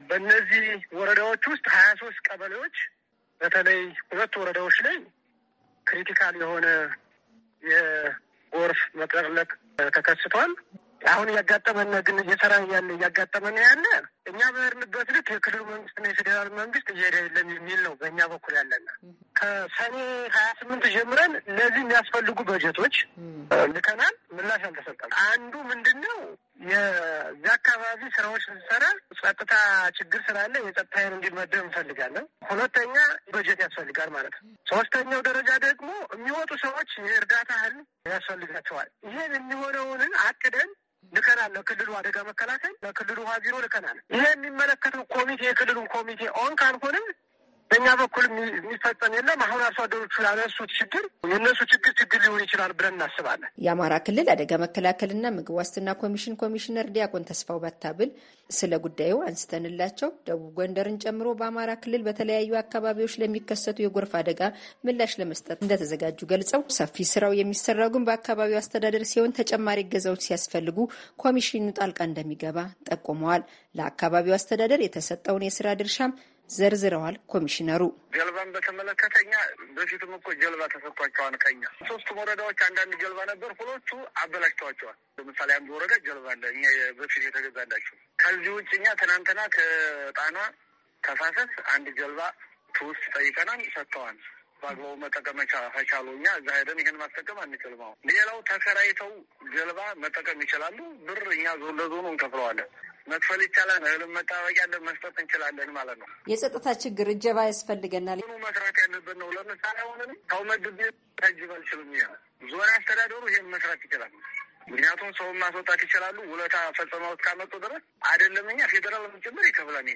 በእነዚህ ወረዳዎች ውስጥ ሀያ ሶስት ቀበሌዎች በተለይ ሁለት ወረዳዎች ላይ ክሪቲካል የሆነ የጎርፍ መጥለቅለቅ ተከስቷል። አሁን እያጋጠመን ግን እየሰራ ያለ እያጋጠመን ያለ እኛ በሄድንበት ልክ የክልሉ መንግስትና የፌዴራል መንግስት እየሄደ የለም የሚል ነው በእኛ በኩል ያለና ከሰኔ ሀያ ስምንት ጀምረን ለዚህ የሚያስፈልጉ በጀቶች ልከናል። ምላሽ አልተሰጠም። አንዱ ምንድን ነው የዚ አካባቢ ስራዎች ስንሰራ ጸጥታ ችግር ስላለ የጸጥታ ኃይል እንዲመደብ እንፈልጋለን። ሁለተኛ በጀት ያስፈልጋል ማለት ነው። ሶስተኛው ደረጃ ደግሞ የሚወጡ ሰዎች የእርዳታ እህል ያስፈልጋቸዋል። ይህን የሚሆነውን አቅደን ልከናል። ለክልሉ አደጋ መከላከል ለክልሉ ውሃ ቢሮ ልከናል። ይሄ የሚመለከተው ኮሚቴ የክልሉን ኮሚቴ ኦን ካልሆንም በእኛ በኩል የሚፈጸም የለም። አሁን አርሶ አደሮቹ ያነሱት ችግር የእነሱ ችግር ችግር ሊሆን ይችላል ብለን እናስባለን። የአማራ ክልል አደጋ መከላከልና ምግብ ዋስትና ኮሚሽን ኮሚሽነር ዲያቆን ተስፋው በታብል ስለ ጉዳዩ አንስተንላቸው ደቡብ ጎንደርን ጨምሮ በአማራ ክልል በተለያዩ አካባቢዎች ለሚከሰቱ የጎርፍ አደጋ ምላሽ ለመስጠት እንደተዘጋጁ ገልጸው ሰፊ ስራው የሚሰራው ግን በአካባቢው አስተዳደር ሲሆን ተጨማሪ እገዛዎች ሲያስፈልጉ ኮሚሽኑ ጣልቃ እንደሚገባ ጠቁመዋል። ለአካባቢው አስተዳደር የተሰጠውን የስራ ድርሻም ዘርዝረዋል ኮሚሽነሩ። ጀልባን በተመለከተ እኛ በፊትም እኮ ጀልባ ተሰጥቷቸዋል። ከኛ ሶስቱም ወረዳዎች አንዳንድ ጀልባ ነበር፣ ሁለቱ አበላሽተዋቸዋል። ለምሳሌ አንዱ ወረዳ ጀልባ አለ እኛ በፊት የተገዛላቸው። ከዚህ ውጭ እኛ ትናንትና ከጣና ተፋሰስ አንድ ጀልባ ትውስጥ ጠይቀናል፣ ሰጥተዋል። በአግባቡ መጠቀም ከቻሉ እኛ እዛ ሄደን ይህን ማስጠቀም አንችልም። ሌላው ተከራይተው ጀልባ መጠቀም ይችላሉ። ብር እኛ ዞን ለዞኑ እንከፍለዋለን። መክፈል ይቻላል። እህልም መጠባበቂያ ለ መስጠት እንችላለን ማለት ነው። የጸጥታ ችግር እጀባ ያስፈልገናል። ሆኑ መስራት ያለብን ነው። ለምሳሌ አሁንም ሰው መግብ ታጅብ አልችልም እያለ ዞን አስተዳደሩ ይህን መስራት ይችላል። ምክንያቱም ሰውን ማስወጣት ይችላሉ። ውለታ ፈጽመው እስካመጡ ድረስ አይደለም እኛ ፌዴራል ጭምር ይከፍላል።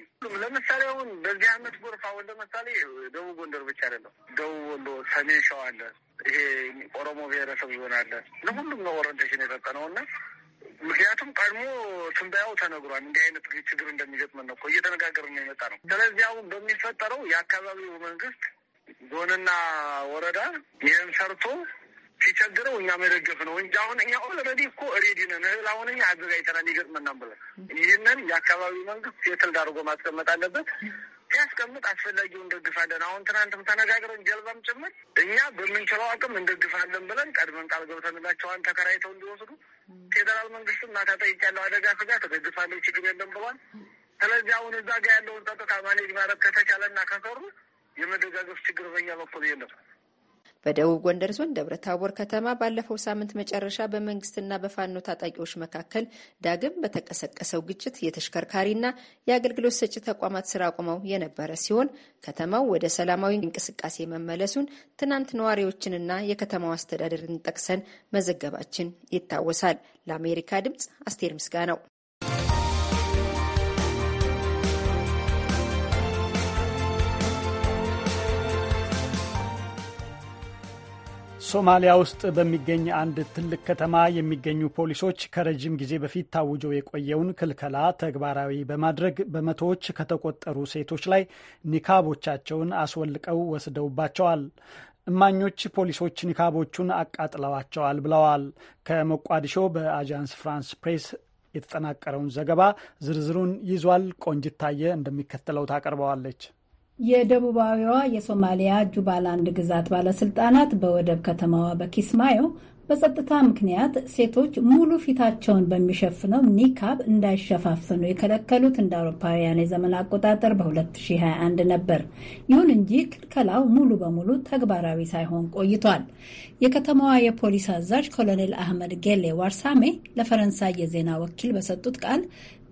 ለምሳሌ አሁን በዚህ አመት ጎርፍ አሁን ለምሳሌ ደቡብ ጎንደር ብቻ አይደለም፣ ደቡብ ወሎ፣ ሰሜን ሸዋ አለ፣ ይሄ ኦሮሞ ብሔረሰብ ዞን አለ። ለሁሉም ነው ኦሪንቴሽን የሰጠ እና ምክንያቱም ቀድሞ ትንበያው ተነግሯል። እንዲህ አይነት ችግር እንደሚገጥመን ነው እኮ እየተነጋገርን ነው የመጣ ነው። ስለዚህ አሁን በሚፈጠረው የአካባቢው መንግስት ዞንና ወረዳ ይህን ሰርቶ ሲቸግረው እኛ መደገፍ ነው እንጂ አሁን እኛ ኦልሬዲ እኮ ሬዲ ነን። እህል አሁን እኛ አዘጋጅተናል ይገጥመናል ብለን ይህንን የአካባቢው መንግስት የትል ዳርጎ ማስቀመጥ አለበት። ሲያስቀምጥ አስፈላጊው እንደግፋለን። አሁን ትናንትም ተነጋግረን ጀልባም ጭምር እኛ በምንችለው አቅም እንደግፋለን ብለን ቀድመን ቃል ገብተንላቸዋን ተከራይተው እንዲወስዱ ፌዴራል መንግስት እና ያለው አደጋ ስጋት ተደግፋለ ችግር የለም ብሏል። ስለዚህ አሁን እዛ ጋ ያለውን ጸጥታ ማኔጅ ማድረግ ከተቻለ እና ከሰሩ የመደጋገፍ ችግር በኛ በኩል የለም። በደቡብ ጎንደር ዞን ደብረ ታቦር ከተማ ባለፈው ሳምንት መጨረሻ በመንግስትና በፋኖ ታጣቂዎች መካከል ዳግም በተቀሰቀሰው ግጭት የተሽከርካሪና የአገልግሎት ሰጪ ተቋማት ስራ አቁመው የነበረ ሲሆን ከተማው ወደ ሰላማዊ እንቅስቃሴ መመለሱን ትናንት ነዋሪዎችንና የከተማው አስተዳደርን ጠቅሰን መዘገባችን ይታወሳል። ለአሜሪካ ድምጽ አስቴር ምስጋ ነው። ሶማሊያ ውስጥ በሚገኝ አንድ ትልቅ ከተማ የሚገኙ ፖሊሶች ከረጅም ጊዜ በፊት ታውጆ የቆየውን ክልከላ ተግባራዊ በማድረግ በመቶዎች ከተቆጠሩ ሴቶች ላይ ኒካቦቻቸውን አስወልቀው ወስደውባቸዋል። እማኞች ፖሊሶች ኒካቦቹን አቃጥለዋቸዋል ብለዋል። ከሞቃዲሾ በአጃንስ ፍራንስ ፕሬስ የተጠናቀረውን ዘገባ ዝርዝሩን ይዟል። ቆንጅታየ እንደሚከተለው ታቀርበዋለች። የደቡባዊዋ የሶማሊያ ጁባላንድ ግዛት ባለስልጣናት በወደብ ከተማዋ በኪስማዮ በጸጥታ ምክንያት ሴቶች ሙሉ ፊታቸውን በሚሸፍነው ኒካብ እንዳይሸፋፍኑ የከለከሉት እንደ አውሮፓውያን የዘመን አቆጣጠር በ2021 ነበር። ይሁን እንጂ ክልከላው ሙሉ በሙሉ ተግባራዊ ሳይሆን ቆይቷል። የከተማዋ የፖሊስ አዛዥ ኮሎኔል አህመድ ጌሌ ዋርሳሜ ለፈረንሳይ የዜና ወኪል በሰጡት ቃል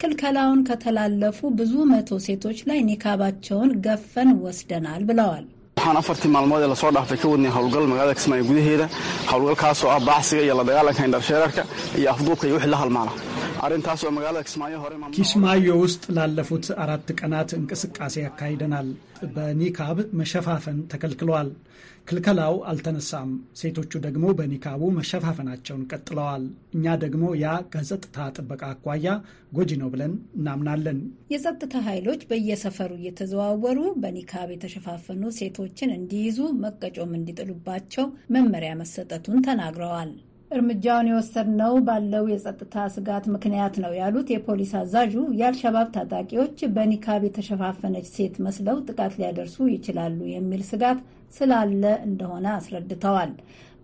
ክልከላውን ከተላለፉ ብዙ መቶ ሴቶች ላይ ኒካባቸውን ገፈን ወስደናል ብለዋል። waxaan afartii maalmood ee lasoo dhaafay ka wadnay howlgal magaalada kismaayo gudaheeda howlgalkaasoo ah baacsiga iyo la dagaalanka indharsheerarka iyo afduubka iyo wixii la halmaala arrintaasoo magaalada kismaayo hore ኪስማዮ ውስጥ ላለፉት አራት ቀናት እንቅስቃሴ ያካሂደናል። በኒካብ mashafaafan ተከልክሏል። ክልከላው አልተነሳም። ሴቶቹ ደግሞ በኒካቡ መሸፋፈናቸውን ቀጥለዋል። እኛ ደግሞ ያ ከጸጥታ ጥበቃ አኳያ ጎጂ ነው ብለን እናምናለን። የጸጥታ ኃይሎች በየሰፈሩ እየተዘዋወሩ በኒካብ የተሸፋፈኑ ሴቶችን እንዲይዙ መቀጮም እንዲጥሉባቸው መመሪያ መሰጠቱን ተናግረዋል። እርምጃውን የወሰድነው ባለው የጸጥታ ስጋት ምክንያት ነው ያሉት የፖሊስ አዛዡ የአልሸባብ ታጣቂዎች በኒካብ የተሸፋፈነች ሴት መስለው ጥቃት ሊያደርሱ ይችላሉ የሚል ስጋት ስላለ እንደሆነ አስረድተዋል።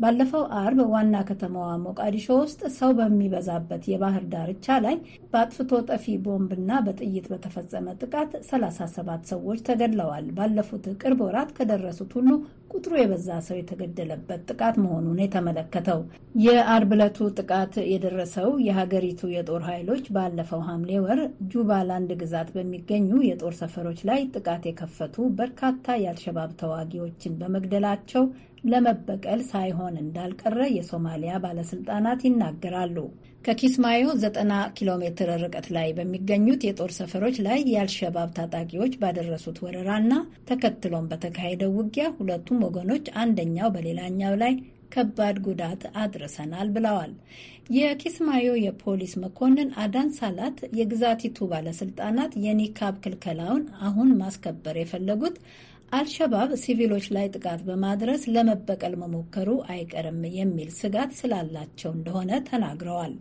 ባለፈው አርብ ዋና ከተማዋ ሞቃዲሾ ውስጥ ሰው በሚበዛበት የባህር ዳርቻ ላይ በአጥፍቶ ጠፊ ቦምብና በጥይት በተፈጸመ ጥቃት 37 ሰዎች ተገድለዋል። ባለፉት ቅርብ ወራት ከደረሱት ሁሉ ቁጥሩ የበዛ ሰው የተገደለበት ጥቃት መሆኑን የተመለከተው የአርብ ዕለቱ ጥቃት የደረሰው የሀገሪቱ የጦር ኃይሎች ባለፈው ሐምሌ ወር ጁባላንድ ግዛት በሚገኙ የጦር ሰፈሮች ላይ ጥቃት የከፈቱ በርካታ የአልሸባብ ተዋጊዎችን በመግደላቸው ለመበቀል ሳይሆን እንዳልቀረ የሶማሊያ ባለስልጣናት ይናገራሉ። ከኪስማዮ 90 ኪሎ ሜትር ርቀት ላይ በሚገኙት የጦር ሰፈሮች ላይ የአልሸባብ ታጣቂዎች ባደረሱት ወረራና ተከትሎም በተካሄደው ውጊያ ሁለቱም ወገኖች አንደኛው በሌላኛው ላይ ከባድ ጉዳት አድርሰናል ብለዋል። የኪስማዮ የፖሊስ መኮንን አዳን ሳላት የግዛቲቱ ባለስልጣናት የኒካብ ክልከላውን አሁን ማስከበር የፈለጉት አልሸባብ ሲቪሎች ላይ ጥቃት በማድረስ ለመበቀል መሞከሩ አይቀርም የሚል ስጋት ስላላቸው እንደሆነ ተናግረዋል።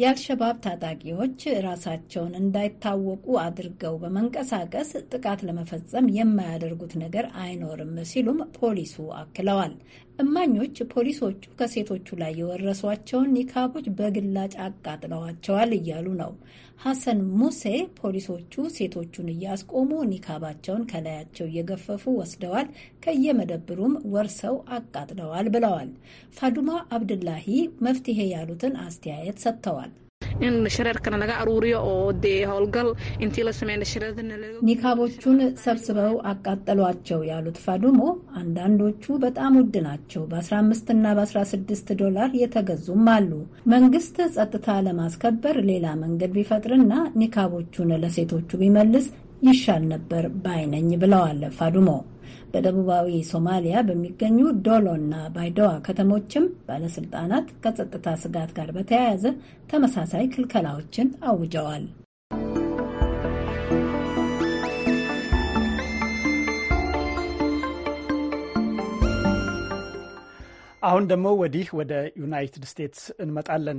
የአልሸባብ ታጣቂዎች ራሳቸውን እንዳይታወቁ አድርገው በመንቀሳቀስ ጥቃት ለመፈጸም የማያደርጉት ነገር አይኖርም ሲሉም ፖሊሱ አክለዋል። እማኞች ፖሊሶቹ ከሴቶቹ ላይ የወረሷቸውን ኒካቦች በግላጭ አቃጥለዋቸዋል እያሉ ነው። ሐሰን ሙሴ ፖሊሶቹ ሴቶቹን እያስቆሙ ኒካባቸውን ከላያቸው እየገፈፉ ወስደዋል፣ ከየመደብሩም ወርሰው አቃጥለዋል ብለዋል። ፋዱማ አብድላሂ መፍትሄ ያሉትን አስተያየት ሰጥተዋል። in shareerkana laga aruuriyo oo dee howlgal intii la sameyna shareerdana ኒካቦቹን ሰብስበው አቃጠሏቸው ያሉት ፋዱሞ አንዳንዶቹ በጣም ውድ ናቸው። በ15 እና በ16 ዶላር የተገዙም አሉ። መንግስት ጸጥታ ለማስከበር ሌላ መንገድ ቢፈጥርና ኒካቦቹን ለሴቶቹ ቢመልስ ይሻል ነበር ባይነኝ ብለዋል ፋዱሞ። በደቡባዊ ሶማሊያ በሚገኙ ዶሎ እና ባይደዋ ከተሞችም ባለስልጣናት ከጸጥታ ስጋት ጋር በተያያዘ ተመሳሳይ ክልከላዎችን አውጀዋል። አሁን ደግሞ ወዲህ ወደ ዩናይትድ ስቴትስ እንመጣለን።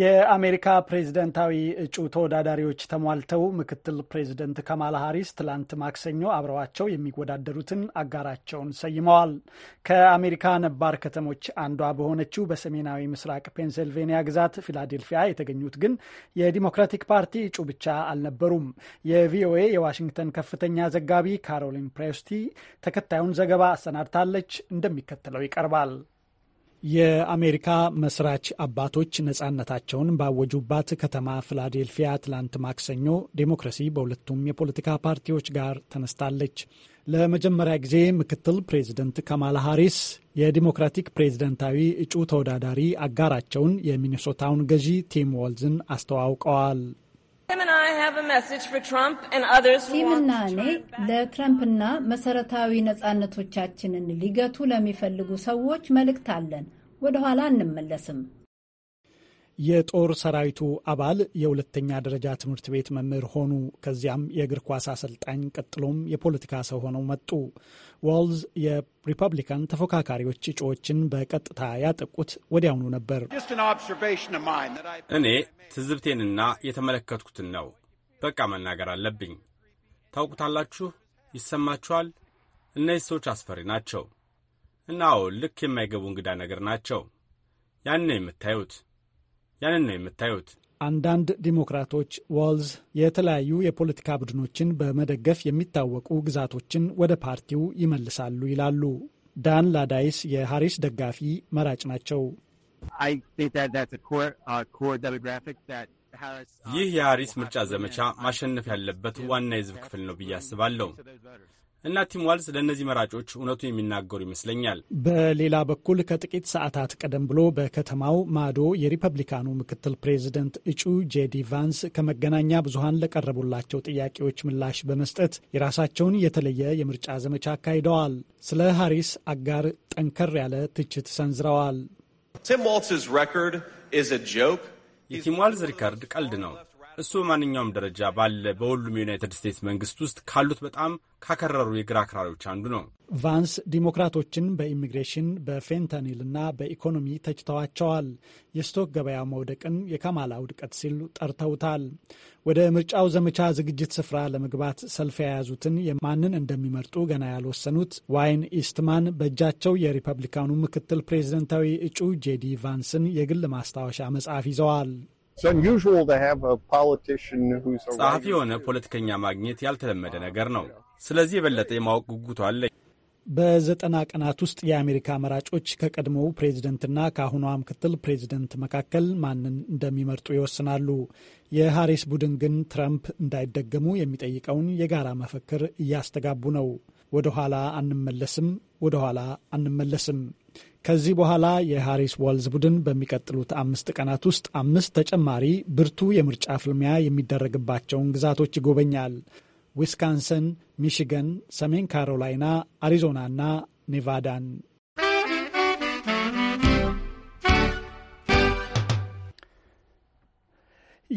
የአሜሪካ ፕሬዝደንታዊ እጩ ተወዳዳሪዎች ተሟልተው ምክትል ፕሬዝደንት ካማላ ሀሪስ ትላንት ማክሰኞ አብረዋቸው የሚወዳደሩትን አጋራቸውን ሰይመዋል። ከአሜሪካ ነባር ከተሞች አንዷ በሆነችው በሰሜናዊ ምስራቅ ፔንሰልቬኒያ ግዛት ፊላዴልፊያ የተገኙት ግን የዲሞክራቲክ ፓርቲ እጩ ብቻ አልነበሩም። የቪኦኤ የዋሽንግተን ከፍተኛ ዘጋቢ ካሮሊን ፕሬስቲ ተከታዩን ዘገባ አሰናድታለች፣ እንደሚከተለው ይቀርባል። የአሜሪካ መስራች አባቶች ነጻነታቸውን ባወጁባት ከተማ ፊላዴልፊያ ትላንት ማክሰኞ ዴሞክራሲ በሁለቱም የፖለቲካ ፓርቲዎች ጋር ተነስታለች። ለመጀመሪያ ጊዜ ምክትል ፕሬዚደንት ካማላ ሃሪስ የዲሞክራቲክ ፕሬዝደንታዊ እጩ ተወዳዳሪ አጋራቸውን የሚኒሶታውን ገዢ ቲም ዋልዝን አስተዋውቀዋል። ቲምና እኔ ለትረምፕና መሰረታዊ ነጻነቶቻችንን ሊገቱ ለሚፈልጉ ሰዎች መልእክት አለን። ወደኋላ አንመለስም። የጦር ሰራዊቱ አባል የሁለተኛ ደረጃ ትምህርት ቤት መምህር ሆኑ። ከዚያም የእግር ኳስ አሰልጣኝ፣ ቀጥሎም የፖለቲካ ሰው ሆነው መጡ። ዋልዝ የሪፐብሊካን ተፎካካሪዎች እጩዎችን በቀጥታ ያጠቁት ወዲያውኑ ነበር። እኔ ትዝብቴንና የተመለከትኩትን ነው። በቃ መናገር አለብኝ። ታውቁታላችሁ፣ ይሰማችኋል። እነዚህ ሰዎች አስፈሪ ናቸው እና ልክ የማይገቡ እንግዳ ነገር ናቸው። ያን የምታዩት ያንን ነው የምታዩት። አንዳንድ ዲሞክራቶች ዋልዝ የተለያዩ የፖለቲካ ቡድኖችን በመደገፍ የሚታወቁ ግዛቶችን ወደ ፓርቲው ይመልሳሉ ይላሉ። ዳን ላዳይስ የሃሪስ ደጋፊ መራጭ ናቸው። uh, uh, ይህ የሃሪስ ምርጫ ዘመቻ ማሸነፍ ያለበት ዋና የህዝብ ክፍል ነው ብዬ አስባለሁ። እና ቲም ዋልስ ለእነዚህ መራጮች እውነቱ የሚናገሩ ይመስለኛል። በሌላ በኩል ከጥቂት ሰዓታት ቀደም ብሎ በከተማው ማዶ የሪፐብሊካኑ ምክትል ፕሬዚደንት እጩ ጄዲ ቫንስ ከመገናኛ ብዙኃን ለቀረቡላቸው ጥያቄዎች ምላሽ በመስጠት የራሳቸውን የተለየ የምርጫ ዘመቻ አካሂደዋል። ስለ ሃሪስ አጋር ጠንከር ያለ ትችት ሰንዝረዋል። የቲም ዋልዝ ሪካርድ ቀልድ ነው። እሱ በማንኛውም ደረጃ ባለ በሁሉም የዩናይትድ ስቴትስ መንግስት ውስጥ ካሉት በጣም ካከረሩ የግራ አክራሪዎች አንዱ ነው። ቫንስ ዲሞክራቶችን በኢሚግሬሽን በፌንታኒልና በኢኮኖሚ ተችተዋቸዋል። የስቶክ ገበያ መውደቅን የካማላ ውድቀት ሲሉ ጠርተውታል። ወደ ምርጫው ዘመቻ ዝግጅት ስፍራ ለመግባት ሰልፍ የያዙትን የማንን እንደሚመርጡ ገና ያልወሰኑት ዋይን ኢስትማን በእጃቸው የሪፐብሊካኑ ምክትል ፕሬዚደንታዊ እጩ ጄዲ ቫንስን የግል ማስታወሻ መጽሐፍ ይዘዋል። ጸሐፊ የሆነ ፖለቲከኛ ማግኘት ያልተለመደ ነገር ነው። ስለዚህ የበለጠ የማወቅ ጉጉቱ አለኝ። በዘጠና ቀናት ውስጥ የአሜሪካ መራጮች ከቀድሞው ፕሬዚደንትና ከአሁኗ ምክትል ፕሬዝደንት መካከል ማንን እንደሚመርጡ ይወስናሉ። የሃሪስ ቡድን ግን ትራምፕ እንዳይደገሙ የሚጠይቀውን የጋራ መፈክር እያስተጋቡ ነው። ወደኋላ አንመለስም፣ ወደኋላ አንመለስም። ከዚህ በኋላ የሃሪስ ወልዝ ቡድን በሚቀጥሉት አምስት ቀናት ውስጥ አምስት ተጨማሪ ብርቱ የምርጫ ፍልሚያ የሚደረግባቸውን ግዛቶች ይጎበኛል። ዊስካንሰን፣ ሚሽገን፣ ሰሜን ካሮላይና፣ አሪዞናና ኔቫዳን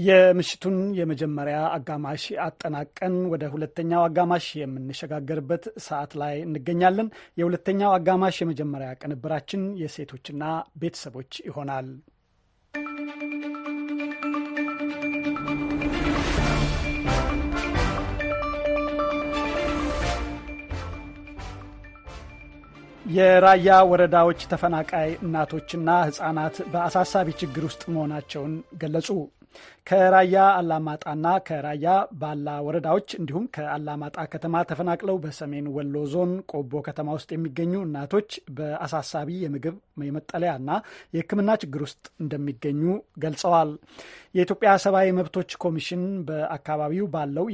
የምሽቱን የመጀመሪያ አጋማሽ አጠናቀን ወደ ሁለተኛው አጋማሽ የምንሸጋገርበት ሰዓት ላይ እንገኛለን። የሁለተኛው አጋማሽ የመጀመሪያ ቅንብራችን የሴቶችና ቤተሰቦች ይሆናል። የራያ ወረዳዎች ተፈናቃይ እናቶችና ህጻናት በአሳሳቢ ችግር ውስጥ መሆናቸውን ገለጹ። ከራያ አላማጣና ከራያ ባላ ወረዳዎች እንዲሁም ከአላማጣ ከተማ ተፈናቅለው በሰሜን ወሎ ዞን ቆቦ ከተማ ውስጥ የሚገኙ እናቶች በአሳሳቢ የምግብ የመጠለያና የሕክምና ችግር ውስጥ እንደሚገኙ ገልጸዋል። የኢትዮጵያ ሰብአዊ መብቶች ኮሚሽን በአካባቢው ባለው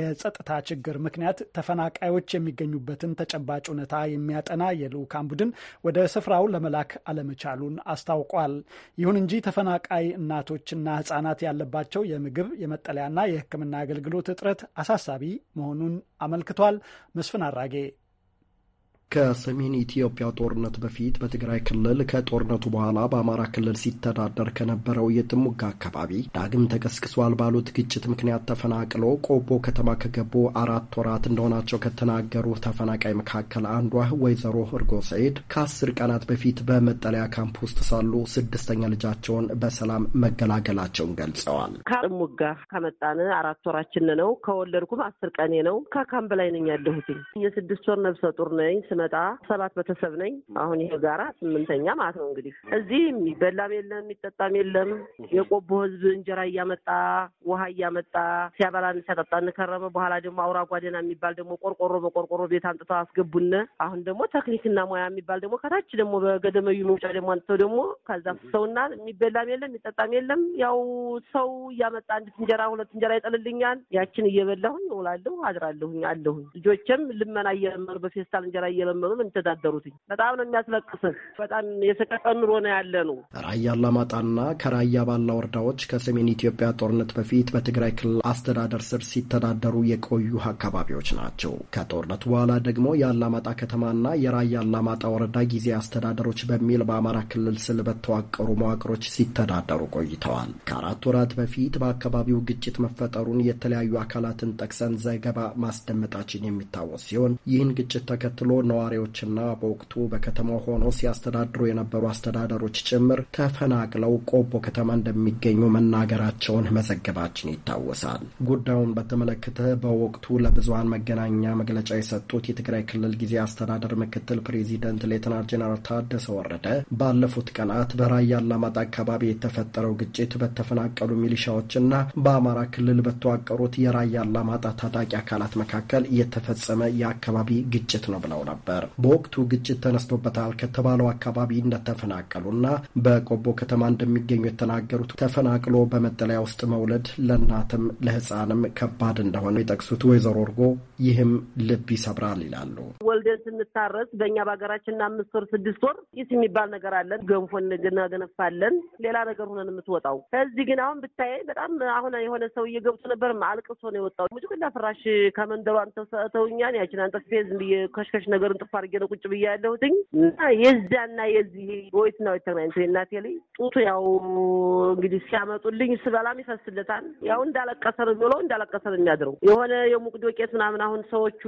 የጸጥታ ችግር ምክንያት ተፈናቃዮች የሚገኙበትን ተጨባጭ እውነታ የሚያጠና የልዑካን ቡድን ወደ ስፍራው ለመላክ አለመቻሉን አስታውቋል። ይሁን እንጂ ተፈናቃይ እናቶችና ህጻ ህጻናት ያለባቸው የምግብ የመጠለያና የህክምና አገልግሎት እጥረት አሳሳቢ መሆኑን አመልክቷል። መስፍን አራጌ ከሰሜን ኢትዮጵያ ጦርነት በፊት በትግራይ ክልል ከጦርነቱ በኋላ በአማራ ክልል ሲተዳደር ከነበረው የጥሙጋ አካባቢ ዳግም ተቀስቅሷል ባሉት ግጭት ምክንያት ተፈናቅሎ ቆቦ ከተማ ከገቡ አራት ወራት እንደሆናቸው ከተናገሩ ተፈናቃይ መካከል አንዷ ወይዘሮ እርጎ ሰይድ ከአስር ቀናት በፊት በመጠለያ ካምፕ ውስጥ ሳሉ ስድስተኛ ልጃቸውን በሰላም መገላገላቸውን ገልጸዋል። ከጥሙጋ ከመጣን አራት ወራችን ነው። ከወለድኩም አስር ቀኔ ነው። ከካምፕ ላይ ነኝ ያለሁት። የስድስት ወር ነብሰ ጡር ነኝ። ስመጣ ሰባት ቤተሰብ ነኝ። አሁን ይሄ ጋራ ስምንተኛ ማለት ነው። እንግዲህ እዚህ የሚበላም የለም የሚጠጣም የለም። የቆቦ ህዝብ እንጀራ እያመጣ ውሃ እያመጣ ሲያበላ ሲያጠጣ እንከረመ። በኋላ ደግሞ አውራ ጓደና የሚባል ደግሞ ቆርቆሮ በቆርቆሮ ቤት አንጥተው አስገቡነ አሁን ደግሞ ቴክኒክና ሙያ የሚባል ደግሞ ከታች ደግሞ በገደመዩ መውጫ ደግሞ አንጥተው ደግሞ ከዛ ሰውና የሚበላም የለም የሚጠጣም የለም። ያው ሰው እያመጣ አንዲት እንጀራ ሁለት እንጀራ ይጠልልኛል። ያችን እየበላሁኝ እውላለሁ፣ አድራለሁኝ፣ አለሁኝ። ልጆችም ልመና እየለመኑ በፌስታል እንጀራ እየ እየለመኑ ነው በጣም ነው የሚያስለቅስህ። በጣም የሰቀቀ ኑሮ ነው ያለ ነው። ራያ አላማጣና ከራያ ባላ ወረዳዎች ከሰሜን ኢትዮጵያ ጦርነት በፊት በትግራይ ክልል አስተዳደር ስር ሲተዳደሩ የቆዩ አካባቢዎች ናቸው። ከጦርነት በኋላ ደግሞ የአላማጣ ከተማና የራያ አላማጣ ወረዳ ጊዜ አስተዳደሮች በሚል በአማራ ክልል ስል በተዋቀሩ መዋቅሮች ሲተዳደሩ ቆይተዋል። ከአራት ወራት በፊት በአካባቢው ግጭት መፈጠሩን የተለያዩ አካላትን ጠቅሰን ዘገባ ማስደመጣችን የሚታወስ ሲሆን ይህን ግጭት ተከትሎ ነው ነዋሪዎችና በወቅቱ በከተማው ሆኖ ሲያስተዳድሩ የነበሩ አስተዳደሮች ጭምር ተፈናቅለው ቆቦ ከተማ እንደሚገኙ መናገራቸውን መዘገባችን ይታወሳል። ጉዳዩን በተመለከተ በወቅቱ ለብዙሀን መገናኛ መግለጫ የሰጡት የትግራይ ክልል ጊዜ አስተዳደር ምክትል ፕሬዚደንት ሌተናል ጀነራል ታደሰ ወረደ ባለፉት ቀናት በራያ አላማጣ አካባቢ የተፈጠረው ግጭት በተፈናቀሉ ሚሊሻዎችና በአማራ ክልል በተዋቀሩት የራያ አላማጣ ታጣቂ አካላት መካከል የተፈጸመ የአካባቢ ግጭት ነው ብለው ነበር። ነበር። በወቅቱ ግጭት ተነስቶበታል ከተባለው አካባቢ እንደተፈናቀሉና በቆቦ ከተማ እንደሚገኙ የተናገሩት ተፈናቅሎ በመጠለያ ውስጥ መውለድ ለእናትም ለሕፃንም ከባድ እንደሆነ የጠቅሱት ወይዘሮ እርጎ ይህም ልብ ይሰብራል ይላሉ። ወልደን ስንታረስ በእኛ በሀገራችን አምስት ወር ስድስት ወር ጢስ የሚባል ነገር አለን። ገንፎ እናገነፋለን። ሌላ ነገር ሆነን የምትወጣው እዚህ ግን አሁን ብታይ በጣም አሁን የሆነ ሰው ገብቶ ነበር አልቅሶ ነው የወጣው። ሙጭ ፍራሽ ከመንደሩ አንተ ያችን አንጠፌ ዝም ብዬ ከሽከሽ ነገር እንጥፍ አድርጌ ነው ቁጭ ብዬ ያለሁትኝ እና የዚያና የዚህ ወይት ነው ተገናኝቶ እናቴ ላይ ጡቱ ያው እንግዲህ ሲያመጡልኝ ስበላም ይፈስለታል። ያው እንዳለቀሰር ብሎ እንዳለቀሰር የሚያድረው የሆነ የሙቅ ዶቄት ምናምን አሁን ሰዎቹ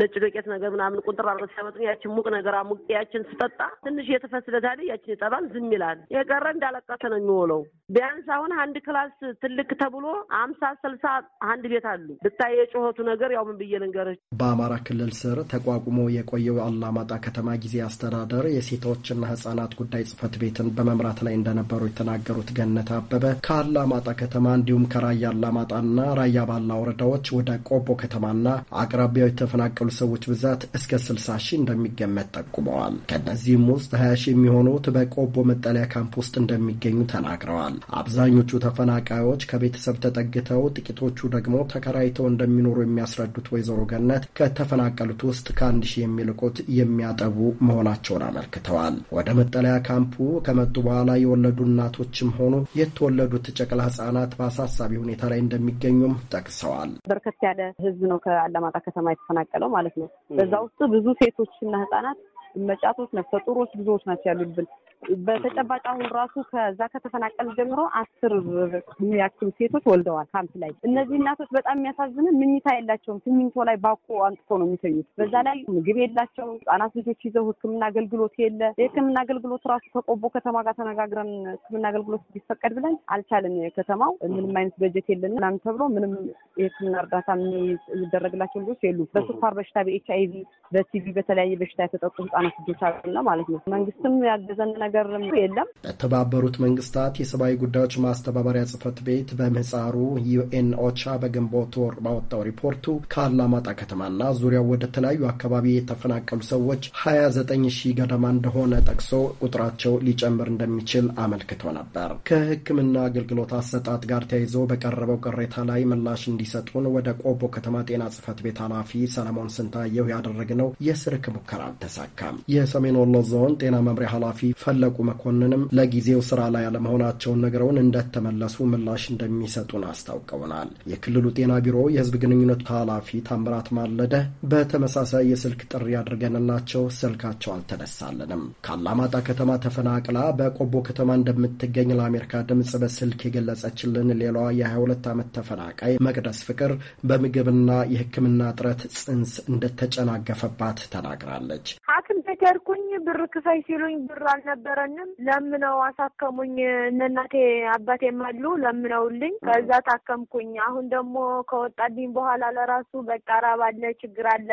ነጭ ዶቄት ነገር ምናምን ቁንጥር አድርገው ሲያመጡ ያችን ሙቅ ነገር አሙቅ ያችን ስጠጣ ትንሽ የተፈስለት ያችን ይጠባል፣ ዝም ይላል። የቀረ እንዳለቀሰ ነው የሚውለው። ቢያንስ አሁን አንድ ክላስ ትልቅ ተብሎ አምሳ ስልሳ አንድ ቤት አሉ። ብታይ የጩኸቱ ነገር ያው ምን ብዬ ልንገርህ። በአማራ ክልል ስር ተቋቁሞ የቆየው አላማጣ ከተማ ጊዜ አስተዳደር የሴቶችና ህጻናት ጉዳይ ጽህፈት ቤትን በመምራት ላይ እንደነበሩ የተናገሩት ገነት አበበ ከአላማጣ ከተማ እንዲሁም ከራያ አላማጣና ራያ ባላ ወረዳዎች ወደ ቆቦ ከተማና አቅራቢያው የተፈናቀሉ ሰዎች ብዛት እስከ 60 ሺህ እንደሚገመት ጠቁመዋል። ከእነዚህም ውስጥ 20 ሺህ የሚሆኑት በቆቦ መጠለያ ካምፕ ውስጥ እንደሚገኙ ተናግረዋል። አብዛኞቹ ተፈናቃዮች ከቤተሰብ ተጠግተው፣ ጥቂቶቹ ደግሞ ተከራይተው እንደሚኖሩ የሚያስረዱት ወይዘሮ ገነት ከተፈናቀሉት ውስጥ ከአንድ ሺህ የሚልቁት የሚያጠቡ መሆናቸውን አመልክተዋል። ወደ መጠለያ ካምፑ ከመጡ በኋላ የወለዱ እናቶችም ሆኑ የተወለዱት ጨቅላ ህጻናት በአሳሳቢ ሁኔታ ላይ እንደሚገኙም ጠቅሰዋል። በርከት ያለ ህዝብ ነው ከአላ ከአላማጣ ከተማ የተፈናቀለው ማለት ነው። በዛ ውስጥ ብዙ ሴቶችና ህጻናት መጫቶች ነፍሰ ጡሮች ብዙዎች ናቸው ያሉብን። በተጨባጭ አሁን ራሱ ከዛ ከተፈናቀል ጀምሮ አስር የሚያክሉ ሴቶች ወልደዋል ካምፕ ላይ። እነዚህ እናቶች በጣም የሚያሳዝንን ምኝታ የላቸውም። ሲሚንቶ ላይ ባኮ አንጥፎ ነው የሚተኙት። በዛ ላይ ምግብ የላቸው ህጻናት ልጆች ይዘው ህክምና አገልግሎት የለ። የህክምና አገልግሎት ራሱ ከቆቦ ከተማ ጋር ተነጋግረን ህክምና አገልግሎት ቢፈቀድ ብለን አልቻለን። የከተማው ምንም አይነት በጀት የለን ምናምን ተብሎ ምንም የህክምና እርዳታ የሚደረግላቸው ልጆች የሉ። በስኳር በሽታ፣ በኤች ቪ በቲቪ በተለያየ በሽታ የተጠቁ ህጻናት ልጆች አሉና ማለት ነው መንግስትም ያገዘንና ነገር የለም። በተባበሩት መንግስታት የሰብአዊ ጉዳዮች ማስተባበሪያ ጽህፈት ቤት በምህፃሩ ዩኤን ኦቻ በግንቦት ወር ባወጣው ሪፖርቱ ከአላማጣ ከተማና ዙሪያው ወደ ተለያዩ አካባቢ የተፈናቀሉ ሰዎች 29 ሺህ ገደማ እንደሆነ ጠቅሶ ቁጥራቸው ሊጨምር እንደሚችል አመልክቶ ነበር። ከህክምና አገልግሎት አሰጣጥ ጋር ተያይዞ በቀረበው ቅሬታ ላይ ምላሽ እንዲሰጡን ወደ ቆቦ ከተማ ጤና ጽህፈት ቤት ኃላፊ ሰለሞን ስንታየው ያደረግነው የስልክ ሙከራ አልተሳካም። የሰሜን ወሎ ዞን ጤና መምሪያ ኃላፊ ታላቁ መኮንንም ለጊዜው ስራ ላይ አለመሆናቸውን ነግረውን እንደተመለሱ ምላሽ እንደሚሰጡን አስታውቀውናል። የክልሉ ጤና ቢሮ የህዝብ ግንኙነት ኃላፊ ታምራት ማለደ በተመሳሳይ የስልክ ጥሪ አድርገንላቸው ስልካቸው አልተነሳልንም። ከአላማጣ ከተማ ተፈናቅላ በቆቦ ከተማ እንደምትገኝ ለአሜሪካ ድምፅ በስልክ የገለጸችልን ሌላዋ የ22 ዓመት ተፈናቃይ መቅደስ ፍቅር በምግብና የህክምና እጥረት ጽንስ እንደተጨናገፈባት ተናግራለች። ሐኪም ቤት ብር ክፈይ ሲሉኝ ብር አልነበረንም። ለምነው አሳከሙኝ። እነናቴ አባቴም አሉ ለምነውልኝ። ከዛ ታከምኩኝ። አሁን ደግሞ ከወጣልኝ በኋላ ለራሱ በቃ ራብ አለ፣ ችግር አለ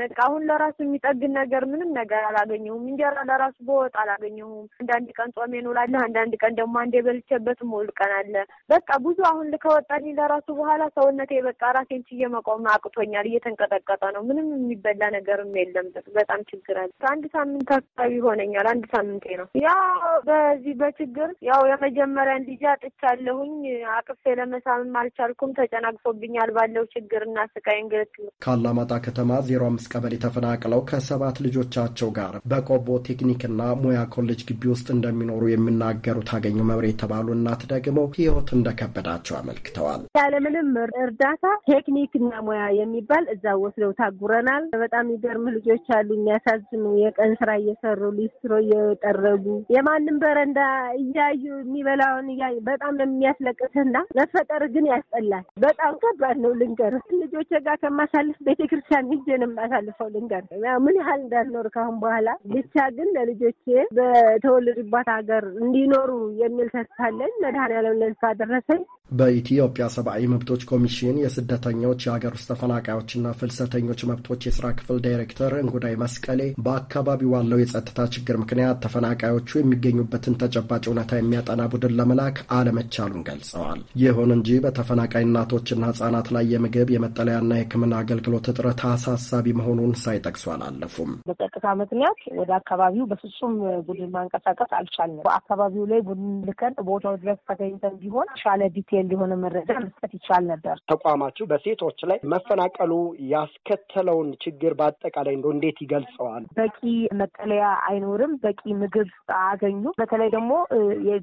በቃ አሁን ለራሱ የሚጠግን ነገር ምንም ነገር አላገኘሁም። እንጀራ ለራሱ በወጥ አላገኘሁም። አንዳንድ ቀን ጾሜ እውላለሁ፣ አንዳንድ ቀን ደግሞ አንድ የበልቼበት ሞል ቀን አለ። በቃ ብዙ አሁን ከወጣኝ ለራሱ በኋላ ሰውነቴ በቃ ራሴን ችዬ መቆም አቅቶኛል። እየተንቀጠቀጠ ነው። ምንም የሚበላ ነገርም የለም። በጣም ችግር አለ። አንድ ሳምንት አካባቢ ይሆነኛል። አንድ ሳምንቴ ነው። ያው በዚህ በችግር ያው የመጀመሪያን ልጅ አጥቻለሁኝ። አቅፌ ለመሳምም አልቻልኩም። ተጨናግፎብኛል ባለው ችግርና ስቃይ እንግልት ከአላማጣ ከተማ ዜሮ አምስት ጊዮርጊስ ቀበሌ ተፈናቅለው ከሰባት ልጆቻቸው ጋር በቆቦ ቴክኒክና ሙያ ኮሌጅ ግቢ ውስጥ እንደሚኖሩ የሚናገሩት አገኙ መብሬ የተባሉ እናት ደግሞ ህይወት እንደከበዳቸው አመልክተዋል። ያለምንም እርዳታ ቴክኒክና ሙያ የሚባል እዛ ወስደው ታጉረናል። በጣም ይገርም ልጆች አሉ የሚያሳዝኑ፣ የቀን ስራ እየሰሩ ሊስትሮ እየጠረጉ የማንም በረንዳ እያዩ የሚበላውን እያዩ በጣም የሚያስለቅስና መፈጠር ግን ያስጠላል። በጣም ከባድ ነው። ልንገር ልጆች ጋር ከማሳልፍ ቤተክርስቲያን ሂጄን እንዳሳልፈው ልንገር ምን ያህል እንዳልኖር ካሁን በኋላ ብቻ ግን ለልጆቼ በተወለዱባት ሀገር እንዲኖሩ የሚል ተስፋ መድኃኔዓለም ለልፋ ደረሰኝ። በኢትዮጵያ ሰብአዊ መብቶች ኮሚሽን የስደተኞች የሀገር ውስጥ ተፈናቃዮችና ፍልሰተኞች መብቶች የስራ ክፍል ዳይሬክተር እንጉዳይ መስቀሌ በአካባቢው ባለው የጸጥታ ችግር ምክንያት ተፈናቃዮቹ የሚገኙበትን ተጨባጭ እውነታ የሚያጠና ቡድን ለመላክ አለመቻሉን ገልጸዋል። ይሁን እንጂ በተፈናቃይ እናቶችና ህጻናት ላይ የምግብ የመጠለያና የሕክምና አገልግሎት እጥረት አሳሳቢ መሆኑን ሳይጠቅሱ አላለፉም። በጸጥታ ምክንያት ወደ አካባቢው በፍጹም ቡድን ማንቀሳቀስ አልቻልንም። በአካባቢው ላይ ቡድን ልከን ቦታው ድረስ ተገኝተን ቢሆን ሻለ ዲቴል የሆነ መረጃ መስጠት ይቻል ነበር። ተቋማችሁ በሴቶች ላይ መፈናቀሉ ያስከተለውን ችግር በአጠቃላይ እንደ እንዴት ይገልጸዋል? በቂ መጠለያ አይኖርም። በቂ ምግብ አገኙ። በተለይ ደግሞ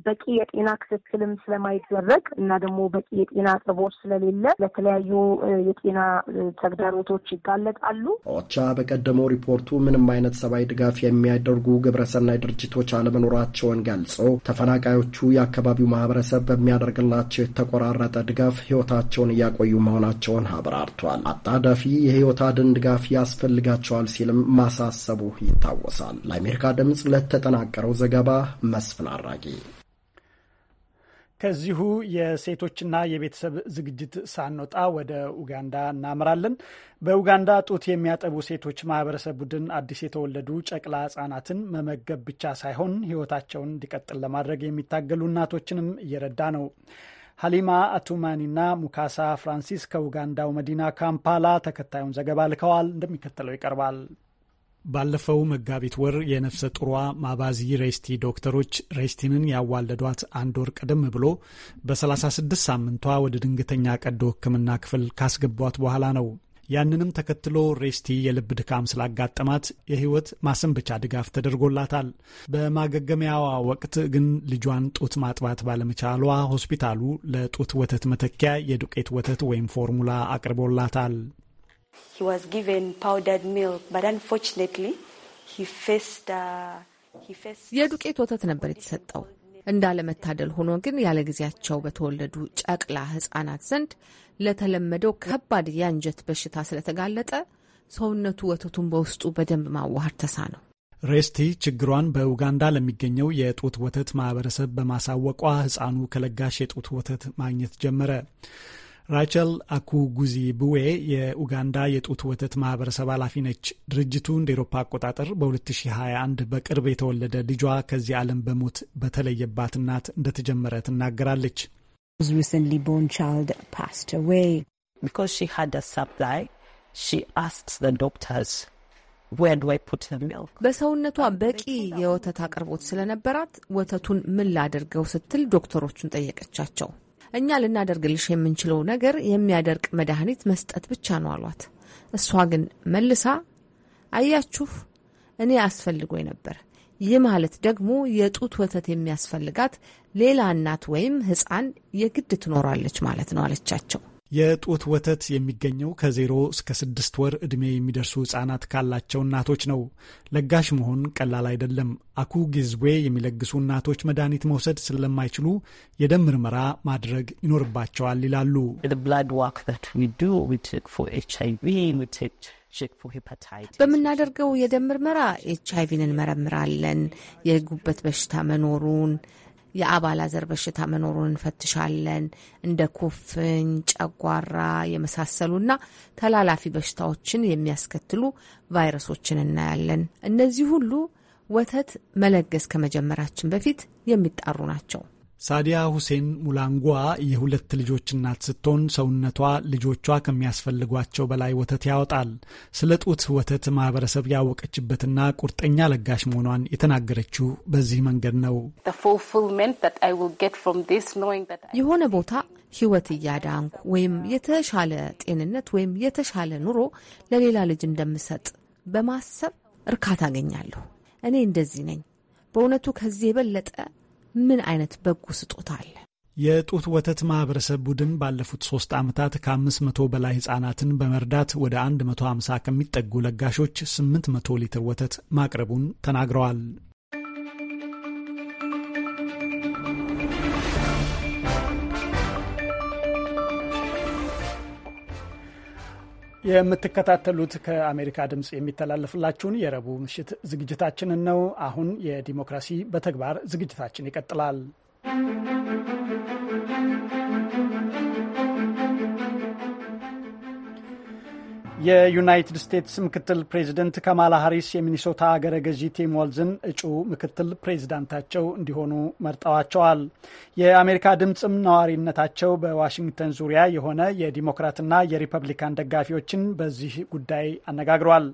በቂ የጤና ክትትልም ስለማይደረግ እና ደግሞ በቂ የጤና አቅርቦት ስለሌለ ለተለያዩ የጤና ተግዳሮቶች ይጋለጣሉ። ኦቻ በቀደመው ሪፖርቱ ምንም አይነት ሰብአዊ ድጋፍ የሚያደርጉ ግብረሰናይ ድርጅቶች አለመኖራቸውን ገልጾ ተፈናቃዮቹ የአካባቢው ማህበረሰብ በሚያደርግላቸው የተቆራረጠ ድጋፍ ሕይወታቸውን እያቆዩ መሆናቸውን አብራርቷል። አጣዳፊ የሕይወት አድን ድጋፍ ያስፈልጋቸዋል ሲልም ማሳሰቡ ይታወሳል። ለአሜሪካ ድምፅ ለተጠናቀረው ዘገባ መስፍን አራጌ ከዚሁ የሴቶችና የቤተሰብ ዝግጅት ሳንወጣ ወደ ኡጋንዳ እናምራለን። በኡጋንዳ ጡት የሚያጠቡ ሴቶች ማህበረሰብ ቡድን አዲስ የተወለዱ ጨቅላ ህጻናትን መመገብ ብቻ ሳይሆን ህይወታቸውን እንዲቀጥል ለማድረግ የሚታገሉ እናቶችንም እየረዳ ነው። ሀሊማ አቱማኒና ሙካሳ ፍራንሲስ ከኡጋንዳው መዲና ካምፓላ ተከታዩን ዘገባ ልከዋል። እንደሚከተለው ይቀርባል። ባለፈው መጋቢት ወር የነፍሰ ጡሯ ማባዚ ሬስቲ ዶክተሮች ሬስቲንን ያዋለዷት አንድ ወር ቀደም ብሎ በ36 ሳምንቷ ወደ ድንገተኛ ቀዶ ሕክምና ክፍል ካስገቧት በኋላ ነው። ያንንም ተከትሎ ሬስቲ የልብ ድካም ስላጋጠማት የህይወት ማሰንበቻ ድጋፍ ተደርጎላታል። በማገገሚያዋ ወቅት ግን ልጇን ጡት ማጥባት ባለመቻሏ ሆስፒታሉ ለጡት ወተት መተኪያ የዱቄት ወተት ወይም ፎርሙላ አቅርቦላታል። የዱቄት ወተት ነበር የተሰጠው። እንዳለመታደል ሆኖ ግን ያለ ጊዜያቸው በተወለዱ ጨቅላ ሕጻናት ዘንድ ለተለመደው ከባድ የአንጀት በሽታ ስለተጋለጠ ሰውነቱ ወተቱን በውስጡ በደንብ ማዋሃድ ተሳ ነው። ሬስቲ ችግሯን በኡጋንዳ ለሚገኘው የጡት ወተት ማህበረሰብ በማሳወቋ ህፃኑ ከለጋሽ የጡት ወተት ማግኘት ጀመረ። ራቸል አኩጉዚ ቡዌ የኡጋንዳ የጡት ወተት ማህበረሰብ ኃላፊ ነች። ድርጅቱ እንደ ኤሮፓ አቆጣጠር በ2021 በቅርብ የተወለደ ልጇ ከዚህ ዓለም በሞት በተለየባት እናት እንደተጀመረ ትናገራለች። በሰውነቷ በቂ የወተት አቅርቦት ስለነበራት ወተቱን ምን ላድርገው ስትል ዶክተሮቹን ጠየቀቻቸው። እኛ ልናደርግልሽ የምንችለው ነገር የሚያደርቅ መድኃኒት መስጠት ብቻ ነው አሏት። እሷ ግን መልሳ አያችሁ እኔ አስፈልጎኝ ነበር። ይህ ማለት ደግሞ የጡት ወተት የሚያስፈልጋት ሌላ እናት ወይም ሕፃን የግድ ትኖራለች ማለት ነው አለቻቸው። የጡት ወተት የሚገኘው ከዜሮ እስከ ስድስት ወር ዕድሜ የሚደርሱ ሕጻናት ካላቸው እናቶች ነው። ለጋሽ መሆን ቀላል አይደለም። አኩ ጊዝዌ የሚለግሱ እናቶች መድኃኒት መውሰድ ስለማይችሉ የደም ምርመራ ማድረግ ይኖርባቸዋል ይላሉ። በምናደርገው የደም ምርመራ ኤች አይቪን እንመረምራለን፣ የጉበት በሽታ መኖሩን የአባላ ዘር በሽታ መኖሩን እንፈትሻለን። እንደ ኩፍኝ፣ ጨጓራ የመሳሰሉና ተላላፊ በሽታዎችን የሚያስከትሉ ቫይረሶችን እናያለን። እነዚህ ሁሉ ወተት መለገስ ከመጀመራችን በፊት የሚጣሩ ናቸው። ሳዲያ ሁሴን ሙላንጓ የሁለት ልጆች እናት ስትሆን ሰውነቷ ልጆቿ ከሚያስፈልጓቸው በላይ ወተት ያወጣል። ስለ ጡት ወተት ማህበረሰብ ያወቀችበትና ቁርጠኛ ለጋሽ መሆኗን የተናገረችው በዚህ መንገድ ነው። የሆነ ቦታ ህይወት እያዳንኩ ወይም የተሻለ ጤንነት ወይም የተሻለ ኑሮ ለሌላ ልጅ እንደምሰጥ በማሰብ እርካታ አገኛለሁ። እኔ እንደዚህ ነኝ። በእውነቱ ከዚህ የበለጠ ምን አይነት በጎ ስጦታ አለ? የጡት ወተት ማህበረሰብ ቡድን ባለፉት ሶስት ዓመታት ከ500 በላይ ህጻናትን በመርዳት ወደ 150 ከሚጠጉ ለጋሾች 800 ሊትር ወተት ማቅረቡን ተናግረዋል። የምትከታተሉት ከአሜሪካ ድምፅ የሚተላለፍላችሁን የረቡዕ ምሽት ዝግጅታችንን ነው። አሁን የዲሞክራሲ በተግባር ዝግጅታችን ይቀጥላል። የዩናይትድ ስቴትስ ምክትል ፕሬዚደንት ካማላ ሀሪስ የሚኒሶታ አገረ ገዢ ቲም ወልዝን እጩ ምክትል ፕሬዚዳንታቸው እንዲሆኑ መርጠዋቸዋል። የአሜሪካ ድምፅም ነዋሪነታቸው በዋሽንግተን ዙሪያ የሆነ የዲሞክራትና የሪፐብሊካን ደጋፊዎችን በዚህ ጉዳይ አነጋግሯል።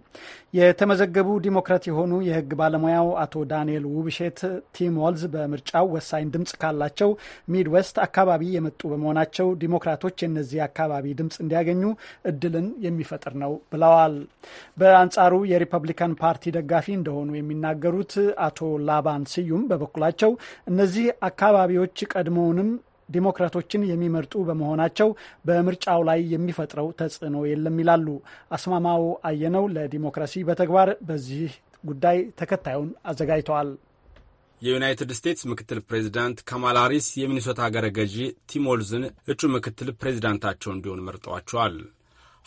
የተመዘገቡ ዲሞክራት የሆኑ የህግ ባለሙያው አቶ ዳንኤል ውብሼት ቲም ወልዝ በምርጫው ወሳኝ ድምፅ ካላቸው ሚድዌስት አካባቢ የመጡ በመሆናቸው ዲሞክራቶች የእነዚህ አካባቢ ድምፅ እንዲያገኙ እድልን የሚፈጥር ነው ብለዋል። በአንጻሩ የሪፐብሊካን ፓርቲ ደጋፊ እንደሆኑ የሚናገሩት አቶ ላባን ስዩም በበኩላቸው እነዚህ አካባቢዎች ቀድሞውንም ዲሞክራቶችን የሚመርጡ በመሆናቸው በምርጫው ላይ የሚፈጥረው ተጽዕኖ የለም ይላሉ። አስማማው አየነው ለዲሞክራሲ በተግባር በዚህ ጉዳይ ተከታዩን አዘጋጅተዋል። የዩናይትድ ስቴትስ ምክትል ፕሬዚዳንት ካማላ ሃሪስ የሚኒሶታ አገረ ገዢ ቲም ዋልዝን እጩ ምክትል ፕሬዚዳንታቸው እንዲሆን መርጠዋቸዋል።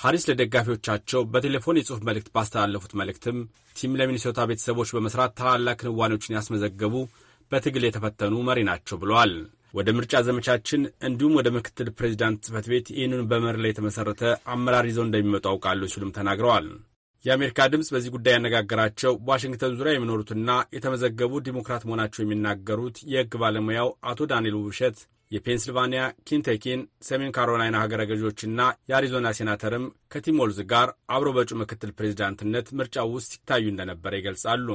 ሐሪስ ለደጋፊዎቻቸው በቴሌፎን የጽሑፍ መልእክት ባስተላለፉት መልእክትም ቲም ለሚኒሶታ ቤተሰቦች በመስራት ታላላቅ ክንዋኔዎችን ያስመዘገቡ በትግል የተፈተኑ መሪ ናቸው ብለዋል። ወደ ምርጫ ዘመቻችን እንዲሁም ወደ ምክትል ፕሬዚዳንት ጽህፈት ቤት ይህንን በመር ላይ የተመሠረተ አመራር ይዘው እንደሚመጡ አውቃለሁ ሲሉም ተናግረዋል። የአሜሪካ ድምፅ በዚህ ጉዳይ ያነጋገራቸው ዋሽንግተን ዙሪያ የሚኖሩትና የተመዘገቡ ዲሞክራት መሆናቸው የሚናገሩት የሕግ ባለሙያው አቶ ዳንኤል ውብሸት የፔንስልቫኒያ ኪንቴኪን፣ ሰሜን ካሮላይና ሀገረ ገዢዎችና የአሪዞና ሴናተርም ከቲሞልዝ ጋር አብሮ በጩ ምክትል ፕሬዚዳንትነት ምርጫው ውስጥ ሲታዩ እንደነበረ ይገልጻሉ።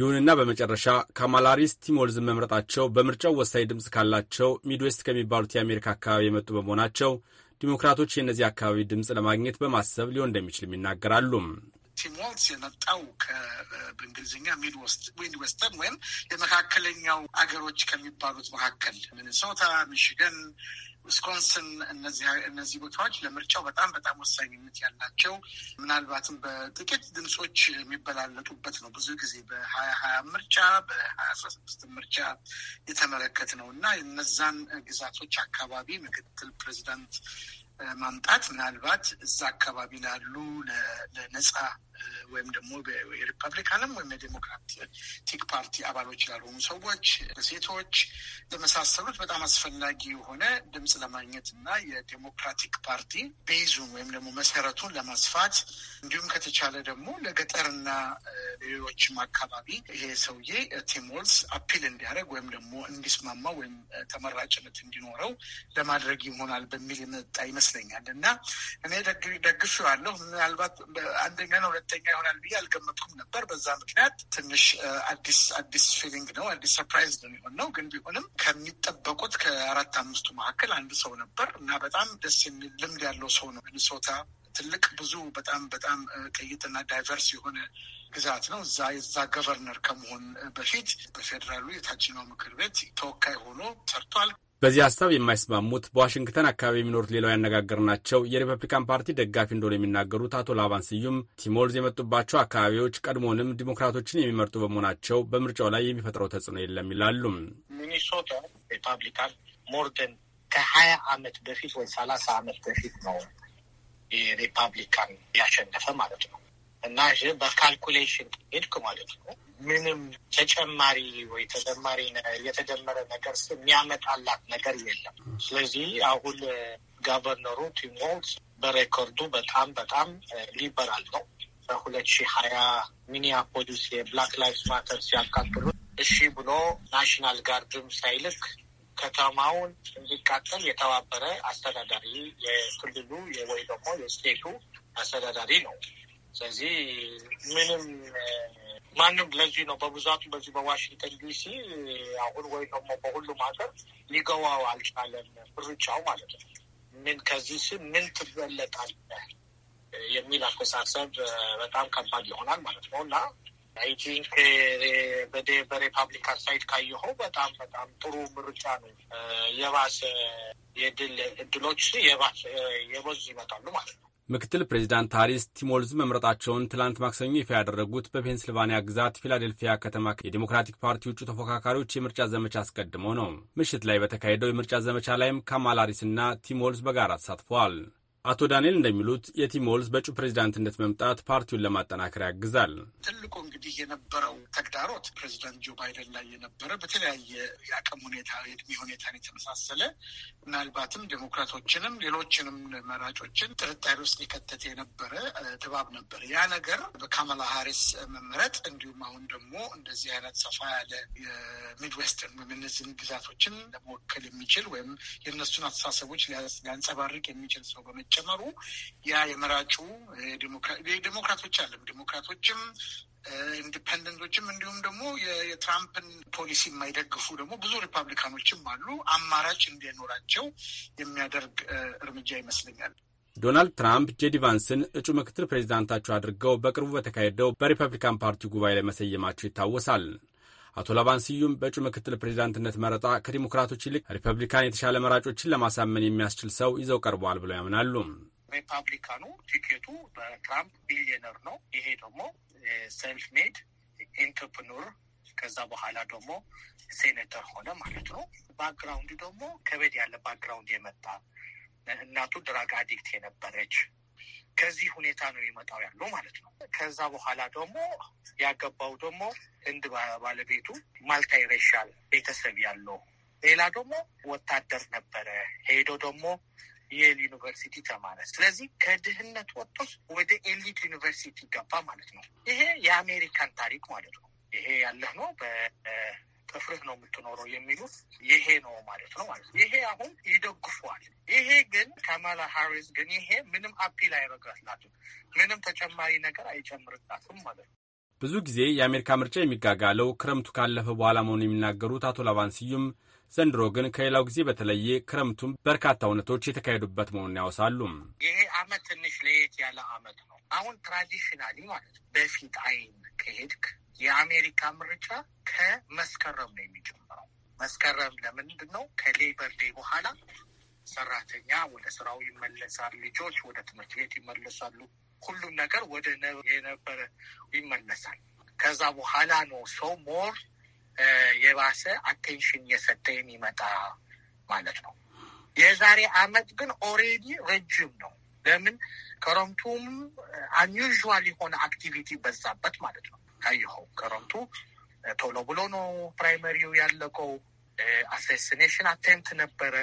ይሁንና በመጨረሻ ካማላ ሃሪስ ቲሞልዝን መምረጣቸው በምርጫው ወሳኝ ድምፅ ካላቸው ሚድዌስት ከሚባሉት የአሜሪካ አካባቢ የመጡ በመሆናቸው ዲሞክራቶች የእነዚህ አካባቢ ድምፅ ለማግኘት በማሰብ ሊሆን እንደሚችልም ይናገራሉ። ቲሞት የመጣው በእንግሊዝኛ ሚድ ዌስተርን ወይም የመካከለኛው አገሮች ከሚባሉት መካከል ሚኒሶታ፣ ሚሽገን፣ ዊስኮንስን እነዚህ ቦታዎች ለምርጫው በጣም በጣም ወሳኝነት ያላቸው ምናልባትም በጥቂት ድምፆች የሚበላለጡበት ነው። ብዙ ጊዜ በሀያ ሀያ ምርጫ በሀያ አስራ ስድስት ምርጫ የተመለከት ነው እና የነዛን ግዛቶች አካባቢ ምክትል ፕሬዚዳንት ማምጣት ምናልባት እዛ አካባቢ ላሉ ለነጻ ወይም ደግሞ የሪፐብሊካንም ወይም የዴሞክራቲክ ፓርቲ አባሎች ላልሆኑ ሰዎች፣ ሴቶች ለመሳሰሉት በጣም አስፈላጊ የሆነ ድምፅ ለማግኘት እና የዴሞክራቲክ ፓርቲ ቤዙን ወይም ደግሞ መሰረቱን ለማስፋት እንዲሁም ከተቻለ ደግሞ ለገጠርና ሌሎችም አካባቢ ይሄ ሰውዬ ቲሞልስ አፒል እንዲያደርግ ወይም ደግሞ እንዲስማማ ወይም ተመራጭነት እንዲኖረው ለማድረግ ይሆናል በሚል የመጣ ይመስላል። ይመስለኛል እና እኔ ደግፌዋለሁ። ምናልባት አንደኛና ሁለተኛ ይሆናል ብዬ አልገመትኩም ነበር። በዛ ምክንያት ትንሽ አዲስ አዲስ ፊሊንግ ነው፣ አዲስ ሰርፕራይዝ ነው ነው። ግን ቢሆንም ከሚጠበቁት ከአራት አምስቱ መካከል አንድ ሰው ነበር እና በጣም ደስ የሚል ልምድ ያለው ሰው ነው። ሚኒሶታ ትልቅ ብዙ በጣም በጣም ቀይጥና ዳይቨርስ የሆነ ግዛት ነው። እዛ የዛ ገቨርነር ከመሆን በፊት በፌዴራሉ የታችኛው ምክር ቤት ተወካይ ሆኖ ሰርቷል። በዚህ ሀሳብ የማይስማሙት በዋሽንግተን አካባቢ የሚኖሩት ሌላው ያነጋገርናቸው የሪፐብሊካን ፓርቲ ደጋፊ እንደሆነ የሚናገሩት አቶ ላባን ስዩም ቲሞልዝ የመጡባቸው አካባቢዎች ቀድሞንም ዲሞክራቶችን የሚመርጡ በመሆናቸው በምርጫው ላይ የሚፈጥረው ተጽዕኖ የለም ይላሉም። ሚኒሶታ ሪፐብሊካን ሞርደን ከሀያ አመት በፊት ወይ ሰላሳ አመት በፊት ነው የሪፐብሊካን ያሸነፈ ማለት ነው እና በካልኩሌሽን ሄድክ ማለት ነው። ምንም ተጨማሪ ወይ ተጨማሪ የተደመረ ነገር የሚያመጣላት ነገር የለም። ስለዚህ አሁን ጋቨርነሩ ቲሞት በሬኮርዱ በጣም በጣም ሊበራል ነው። በሁለት ሺህ ሀያ ሚኒያፖሊስ የብላክ ላይፍ ማተር ሲያካትሉ እሺ ብሎ ናሽናል ጋርድም ሳይልክ ከተማውን እንዲቃጠል የተባበረ አስተዳዳሪ የክልሉ ወይ ደግሞ የስቴቱ አስተዳዳሪ ነው። ስለዚህ ምንም ማንም ለዚህ ነው በብዛቱ በዚህ በዋሽንግተን ዲሲ አሁን ወይ ደግሞ በሁሉም ሀገር ሊገባው አልቻለም። ሩጫው ማለት ነው ምን ከዚህ ምን ትበለጣለ የሚል አስተሳሰብ በጣም ከባድ ይሆናል ማለት ነው እና አይ ቲንክ ሳይድ ካየኸው በጣም በጣም ጥሩ ምርጫ ነው። የባሰ የድል እድሎች የባሰ የበዙ ይመጣሉ ማለት ነው። ምክትል ፕሬዚዳንት ሃሪስ ቲሞልዝ መምረጣቸውን ትላንት ማክሰኞ ይፋ ያደረጉት በፔንስልቫኒያ ግዛት ፊላዴልፊያ ከተማ የዲሞክራቲክ ፓርቲ ውጩ ተፎካካሪዎች የምርጫ ዘመቻ አስቀድሞ ነው። ምሽት ላይ በተካሄደው የምርጫ ዘመቻ ላይም ካማላ ሃሪስና ቲሞልዝ በጋራ ተሳትፈዋል። አቶ ዳንኤል እንደሚሉት የቲም ዎልዝ በእጩ ፕሬዚዳንትነት መምጣት ፓርቲውን ለማጠናከር ያግዛል። ትልቁ እንግዲህ የነበረው ተግዳሮት ፕሬዚዳንት ጆ ባይደን ላይ የነበረ በተለያየ የአቅም ሁኔታ፣ የእድሜ ሁኔታን የተመሳሰለ ምናልባትም ዴሞክራቶችንም ሌሎችንም መራጮችን ጥርጣሬ ውስጥ የከተተ የነበረ ድባብ ነበር። ያ ነገር በካማላ ሀሪስ መምረጥ እንዲሁም አሁን ደግሞ እንደዚህ አይነት ሰፋ ያለ የሚድዌስተርን ወይም እነዚህን ግዛቶችን ለመወከል የሚችል ወይም የእነሱን አስተሳሰቦች ሊያንጸባርቅ የሚችል ሰው በመ በመጨመሩ ያ የመራጩ ዴሞክራቶች አለም ዴሞክራቶችም ኢንዲፐንደንቶችም እንዲሁም ደግሞ የትራምፕን ፖሊሲ የማይደግፉ ደግሞ ብዙ ሪፐብሊካኖችም አሉ። አማራጭ እንዲኖራቸው የሚያደርግ እርምጃ ይመስለኛል። ዶናልድ ትራምፕ ጄዲ ቫንስን እጩ ምክትል ፕሬዚዳንታቸው አድርገው በቅርቡ በተካሄደው በሪፐብሊካን ፓርቲ ጉባኤ ላይ መሰየማቸው ይታወሳል። አቶ ላባን ስዩም በእጩ ምክትል ፕሬዚዳንትነት መረጣ ከዲሞክራቶች ይልቅ ሪፐብሊካን የተሻለ መራጮችን ለማሳመን የሚያስችል ሰው ይዘው ቀርበዋል ብለው ያምናሉ። ሪፐብሊካኑ ቲኬቱ በትራምፕ ቢሊዮነር ነው። ይሄ ደግሞ ሰልፍ ሜድ ኢንተርፕኑር ከዛ በኋላ ደግሞ ሴኔተር ሆነ ማለት ነው። ባክግራውንድ ደግሞ ከበድ ያለ ባክግራውንድ የመጣ እናቱ ድራግ አዲክት የነበረች ከዚህ ሁኔታ ነው ይመጣው ያለው ማለት ነው። ከዛ በኋላ ደግሞ ያገባው ደግሞ ህንድ ባለቤቱ ማልታይ ሬሻል ቤተሰብ ያለው ሌላ ደግሞ ወታደር ነበረ። ሄዶ ደግሞ የኤል ዩኒቨርሲቲ ተማረ። ስለዚህ ከድህነት ወጥቶ ወደ ኤሊት ዩኒቨርሲቲ ገባ ማለት ነው። ይሄ የአሜሪካን ታሪክ ማለት ነው። ይሄ ያለህ ነው ጥፍርህ ነው የምትኖረው የሚሉት ይሄ ነው ማለት ነው ማለት ነው። ይሄ አሁን ይደግፏል። ይሄ ግን ካማላ ሃሪስ ግን ይሄ ምንም አፒል አይረግላትም፣ ምንም ተጨማሪ ነገር አይጨምርላትም ማለት ነው። ብዙ ጊዜ የአሜሪካ ምርጫ የሚጋጋለው ክረምቱ ካለፈ በኋላ መሆኑ የሚናገሩት አቶ ላባን ስዩም ዘንድሮ ግን ከሌላው ጊዜ በተለየ ክረምቱም በርካታ እውነቶች የተካሄዱበት መሆኑን ያወሳሉ። ይሄ አመት ትንሽ ለየት ያለ አመት ነው። አሁን ትራዲሽናሊ ማለት በፊት አይን ከሄድክ የአሜሪካ ምርጫ ከመስከረም ነው የሚጀምረው። መስከረም ለምንድን ነው? ከሌበር ዴይ በኋላ ሰራተኛ ወደ ስራው ይመለሳል። ልጆች ወደ ትምህርት ቤት ይመለሳሉ። ሁሉም ነገር ወደ የነበረ ይመለሳል። ከዛ በኋላ ነው ሰው ሞር የባሰ አቴንሽን እየሰጠ የሚመጣ ማለት ነው። የዛሬ አመት ግን ኦሬዲ ረጅም ነው። ለምን ከረምቱም አንዩዥዋል የሆነ አክቲቪቲ በዛበት ማለት ነው። ካየኸው ከረምቱ ቶሎ ብሎ ነው ፕራይመሪው ያለቀው። አሴሲኔሽን አቴምት ነበረ።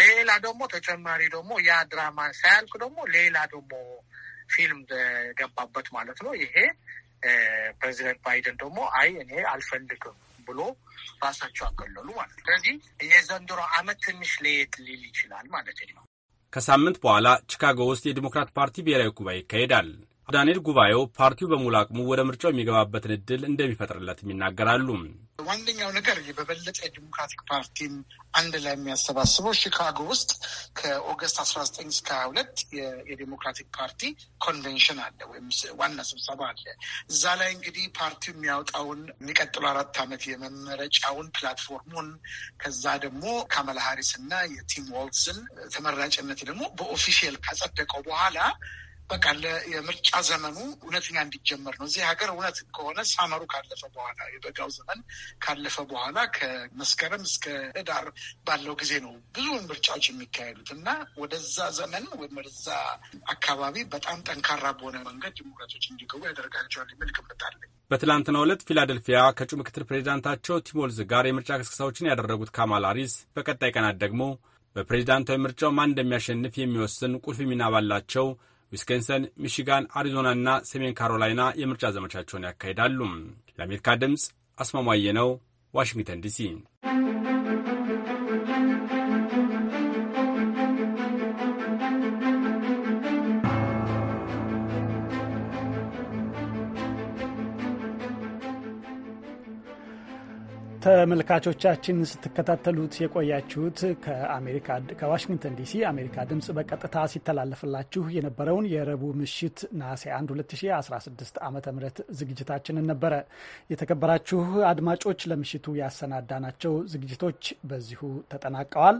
ሌላ ደግሞ ተጨማሪ ደግሞ ያ ድራማ ሳያልቅ ደግሞ ሌላ ደግሞ ፊልም ገባበት ማለት ነው። ይሄ ፕሬዚደንት ባይደን ደግሞ አይ እኔ አልፈልግም ብሎ ራሳቸው አገለሉ ማለት ነው። ስለዚህ የዘንድሮ አመት ትንሽ ለየት ሊል ይችላል ማለት ነው። ከሳምንት በኋላ ቺካጎ ውስጥ የዲሞክራት ፓርቲ ብሔራዊ ጉባኤ ይካሄዳል። ዳንኤል ጉባኤው ፓርቲው በሙሉ አቅሙ ወደ ምርጫው የሚገባበትን እድል እንደሚፈጥርለትም ይናገራሉ። ዋነኛው ነገር በበለጠ ዲሞክራቲክ ፓርቲን አንድ ላይ የሚያሰባስበው ሺካጎ ውስጥ ከኦገስት አስራ ዘጠኝ እስከ ሀያ ሁለት የዲሞክራቲክ ፓርቲ ኮንቬንሽን አለ ወይም ዋና ስብሰባ አለ። እዛ ላይ እንግዲህ ፓርቲው የሚያወጣውን የሚቀጥሉ አራት ዓመት የመመረጫውን ፕላትፎርሙን ከዛ ደግሞ ካማላ ሀሪስ እና የቲም ዋልትስን ተመራጭነት ደግሞ በኦፊሽል ካጸደቀው በኋላ በቃ የምርጫ ዘመኑ እውነተኛ እንዲጀመር ነው። እዚህ ሀገር እውነት ከሆነ ሳመሩ ካለፈ በኋላ የበጋው ዘመን ካለፈ በኋላ ከመስከረም እስከ ህዳር ባለው ጊዜ ነው ብዙ ምርጫዎች የሚካሄዱት እና ወደዛ ዘመን ወይም ወደዛ አካባቢ በጣም ጠንካራ በሆነ መንገድ ዲሞክራቶች እንዲገቡ ያደርጋቸዋል የሚል ግምት አለኝ። በትላንትናው ዕለት ፊላደልፊያ ከእጩ ምክትል ፕሬዚዳንታቸው ቲሞልዝ ጋር የምርጫ ቅስቀሳዎችን ያደረጉት ካማል ሃሪስ በቀጣይ ቀናት ደግሞ በፕሬዚዳንታዊ ምርጫው ማን እንደሚያሸንፍ የሚወስን ቁልፍ ሚና ባላቸው ዊስከንሰን፣ ሚሽጋን፣ እና ሰሜን ካሮላይና የምርጫ ዘመቻቸውን ያካሂዳሉ። ለአሜሪካ ድምፅ አስማማየ ነው፣ ዋሽንግተን ዲሲ ተመልካቾቻችን ስትከታተሉት የቆያችሁት ከዋሽንግተን ዲሲ አሜሪካ ድምፅ በቀጥታ ሲተላለፍላችሁ የነበረውን የረቡዕ ምሽት ነሐሴ 1 2016 ዓ ም ዝግጅታችንን ነበረ። የተከበራችሁ አድማጮች ለምሽቱ ያሰናዳናቸው ዝግጅቶች በዚሁ ተጠናቀዋል።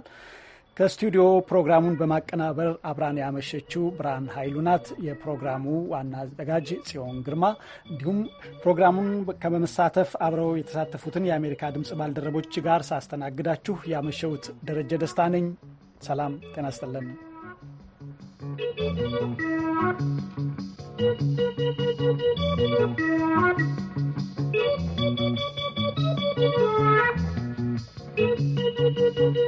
ከስቱዲዮ ፕሮግራሙን በማቀናበር አብራን ያመሸችው ብርሃን ኃይሉ ናት። የፕሮግራሙ ዋና አዘጋጅ ጽዮን ግርማ፣ እንዲሁም ፕሮግራሙን ከመሳተፍ አብረው የተሳተፉትን የአሜሪካ ድምፅ ባልደረቦች ጋር ሳስተናግዳችሁ ያመሸሁት ደረጀ ደስታ ነኝ። ሰላም ጤና you.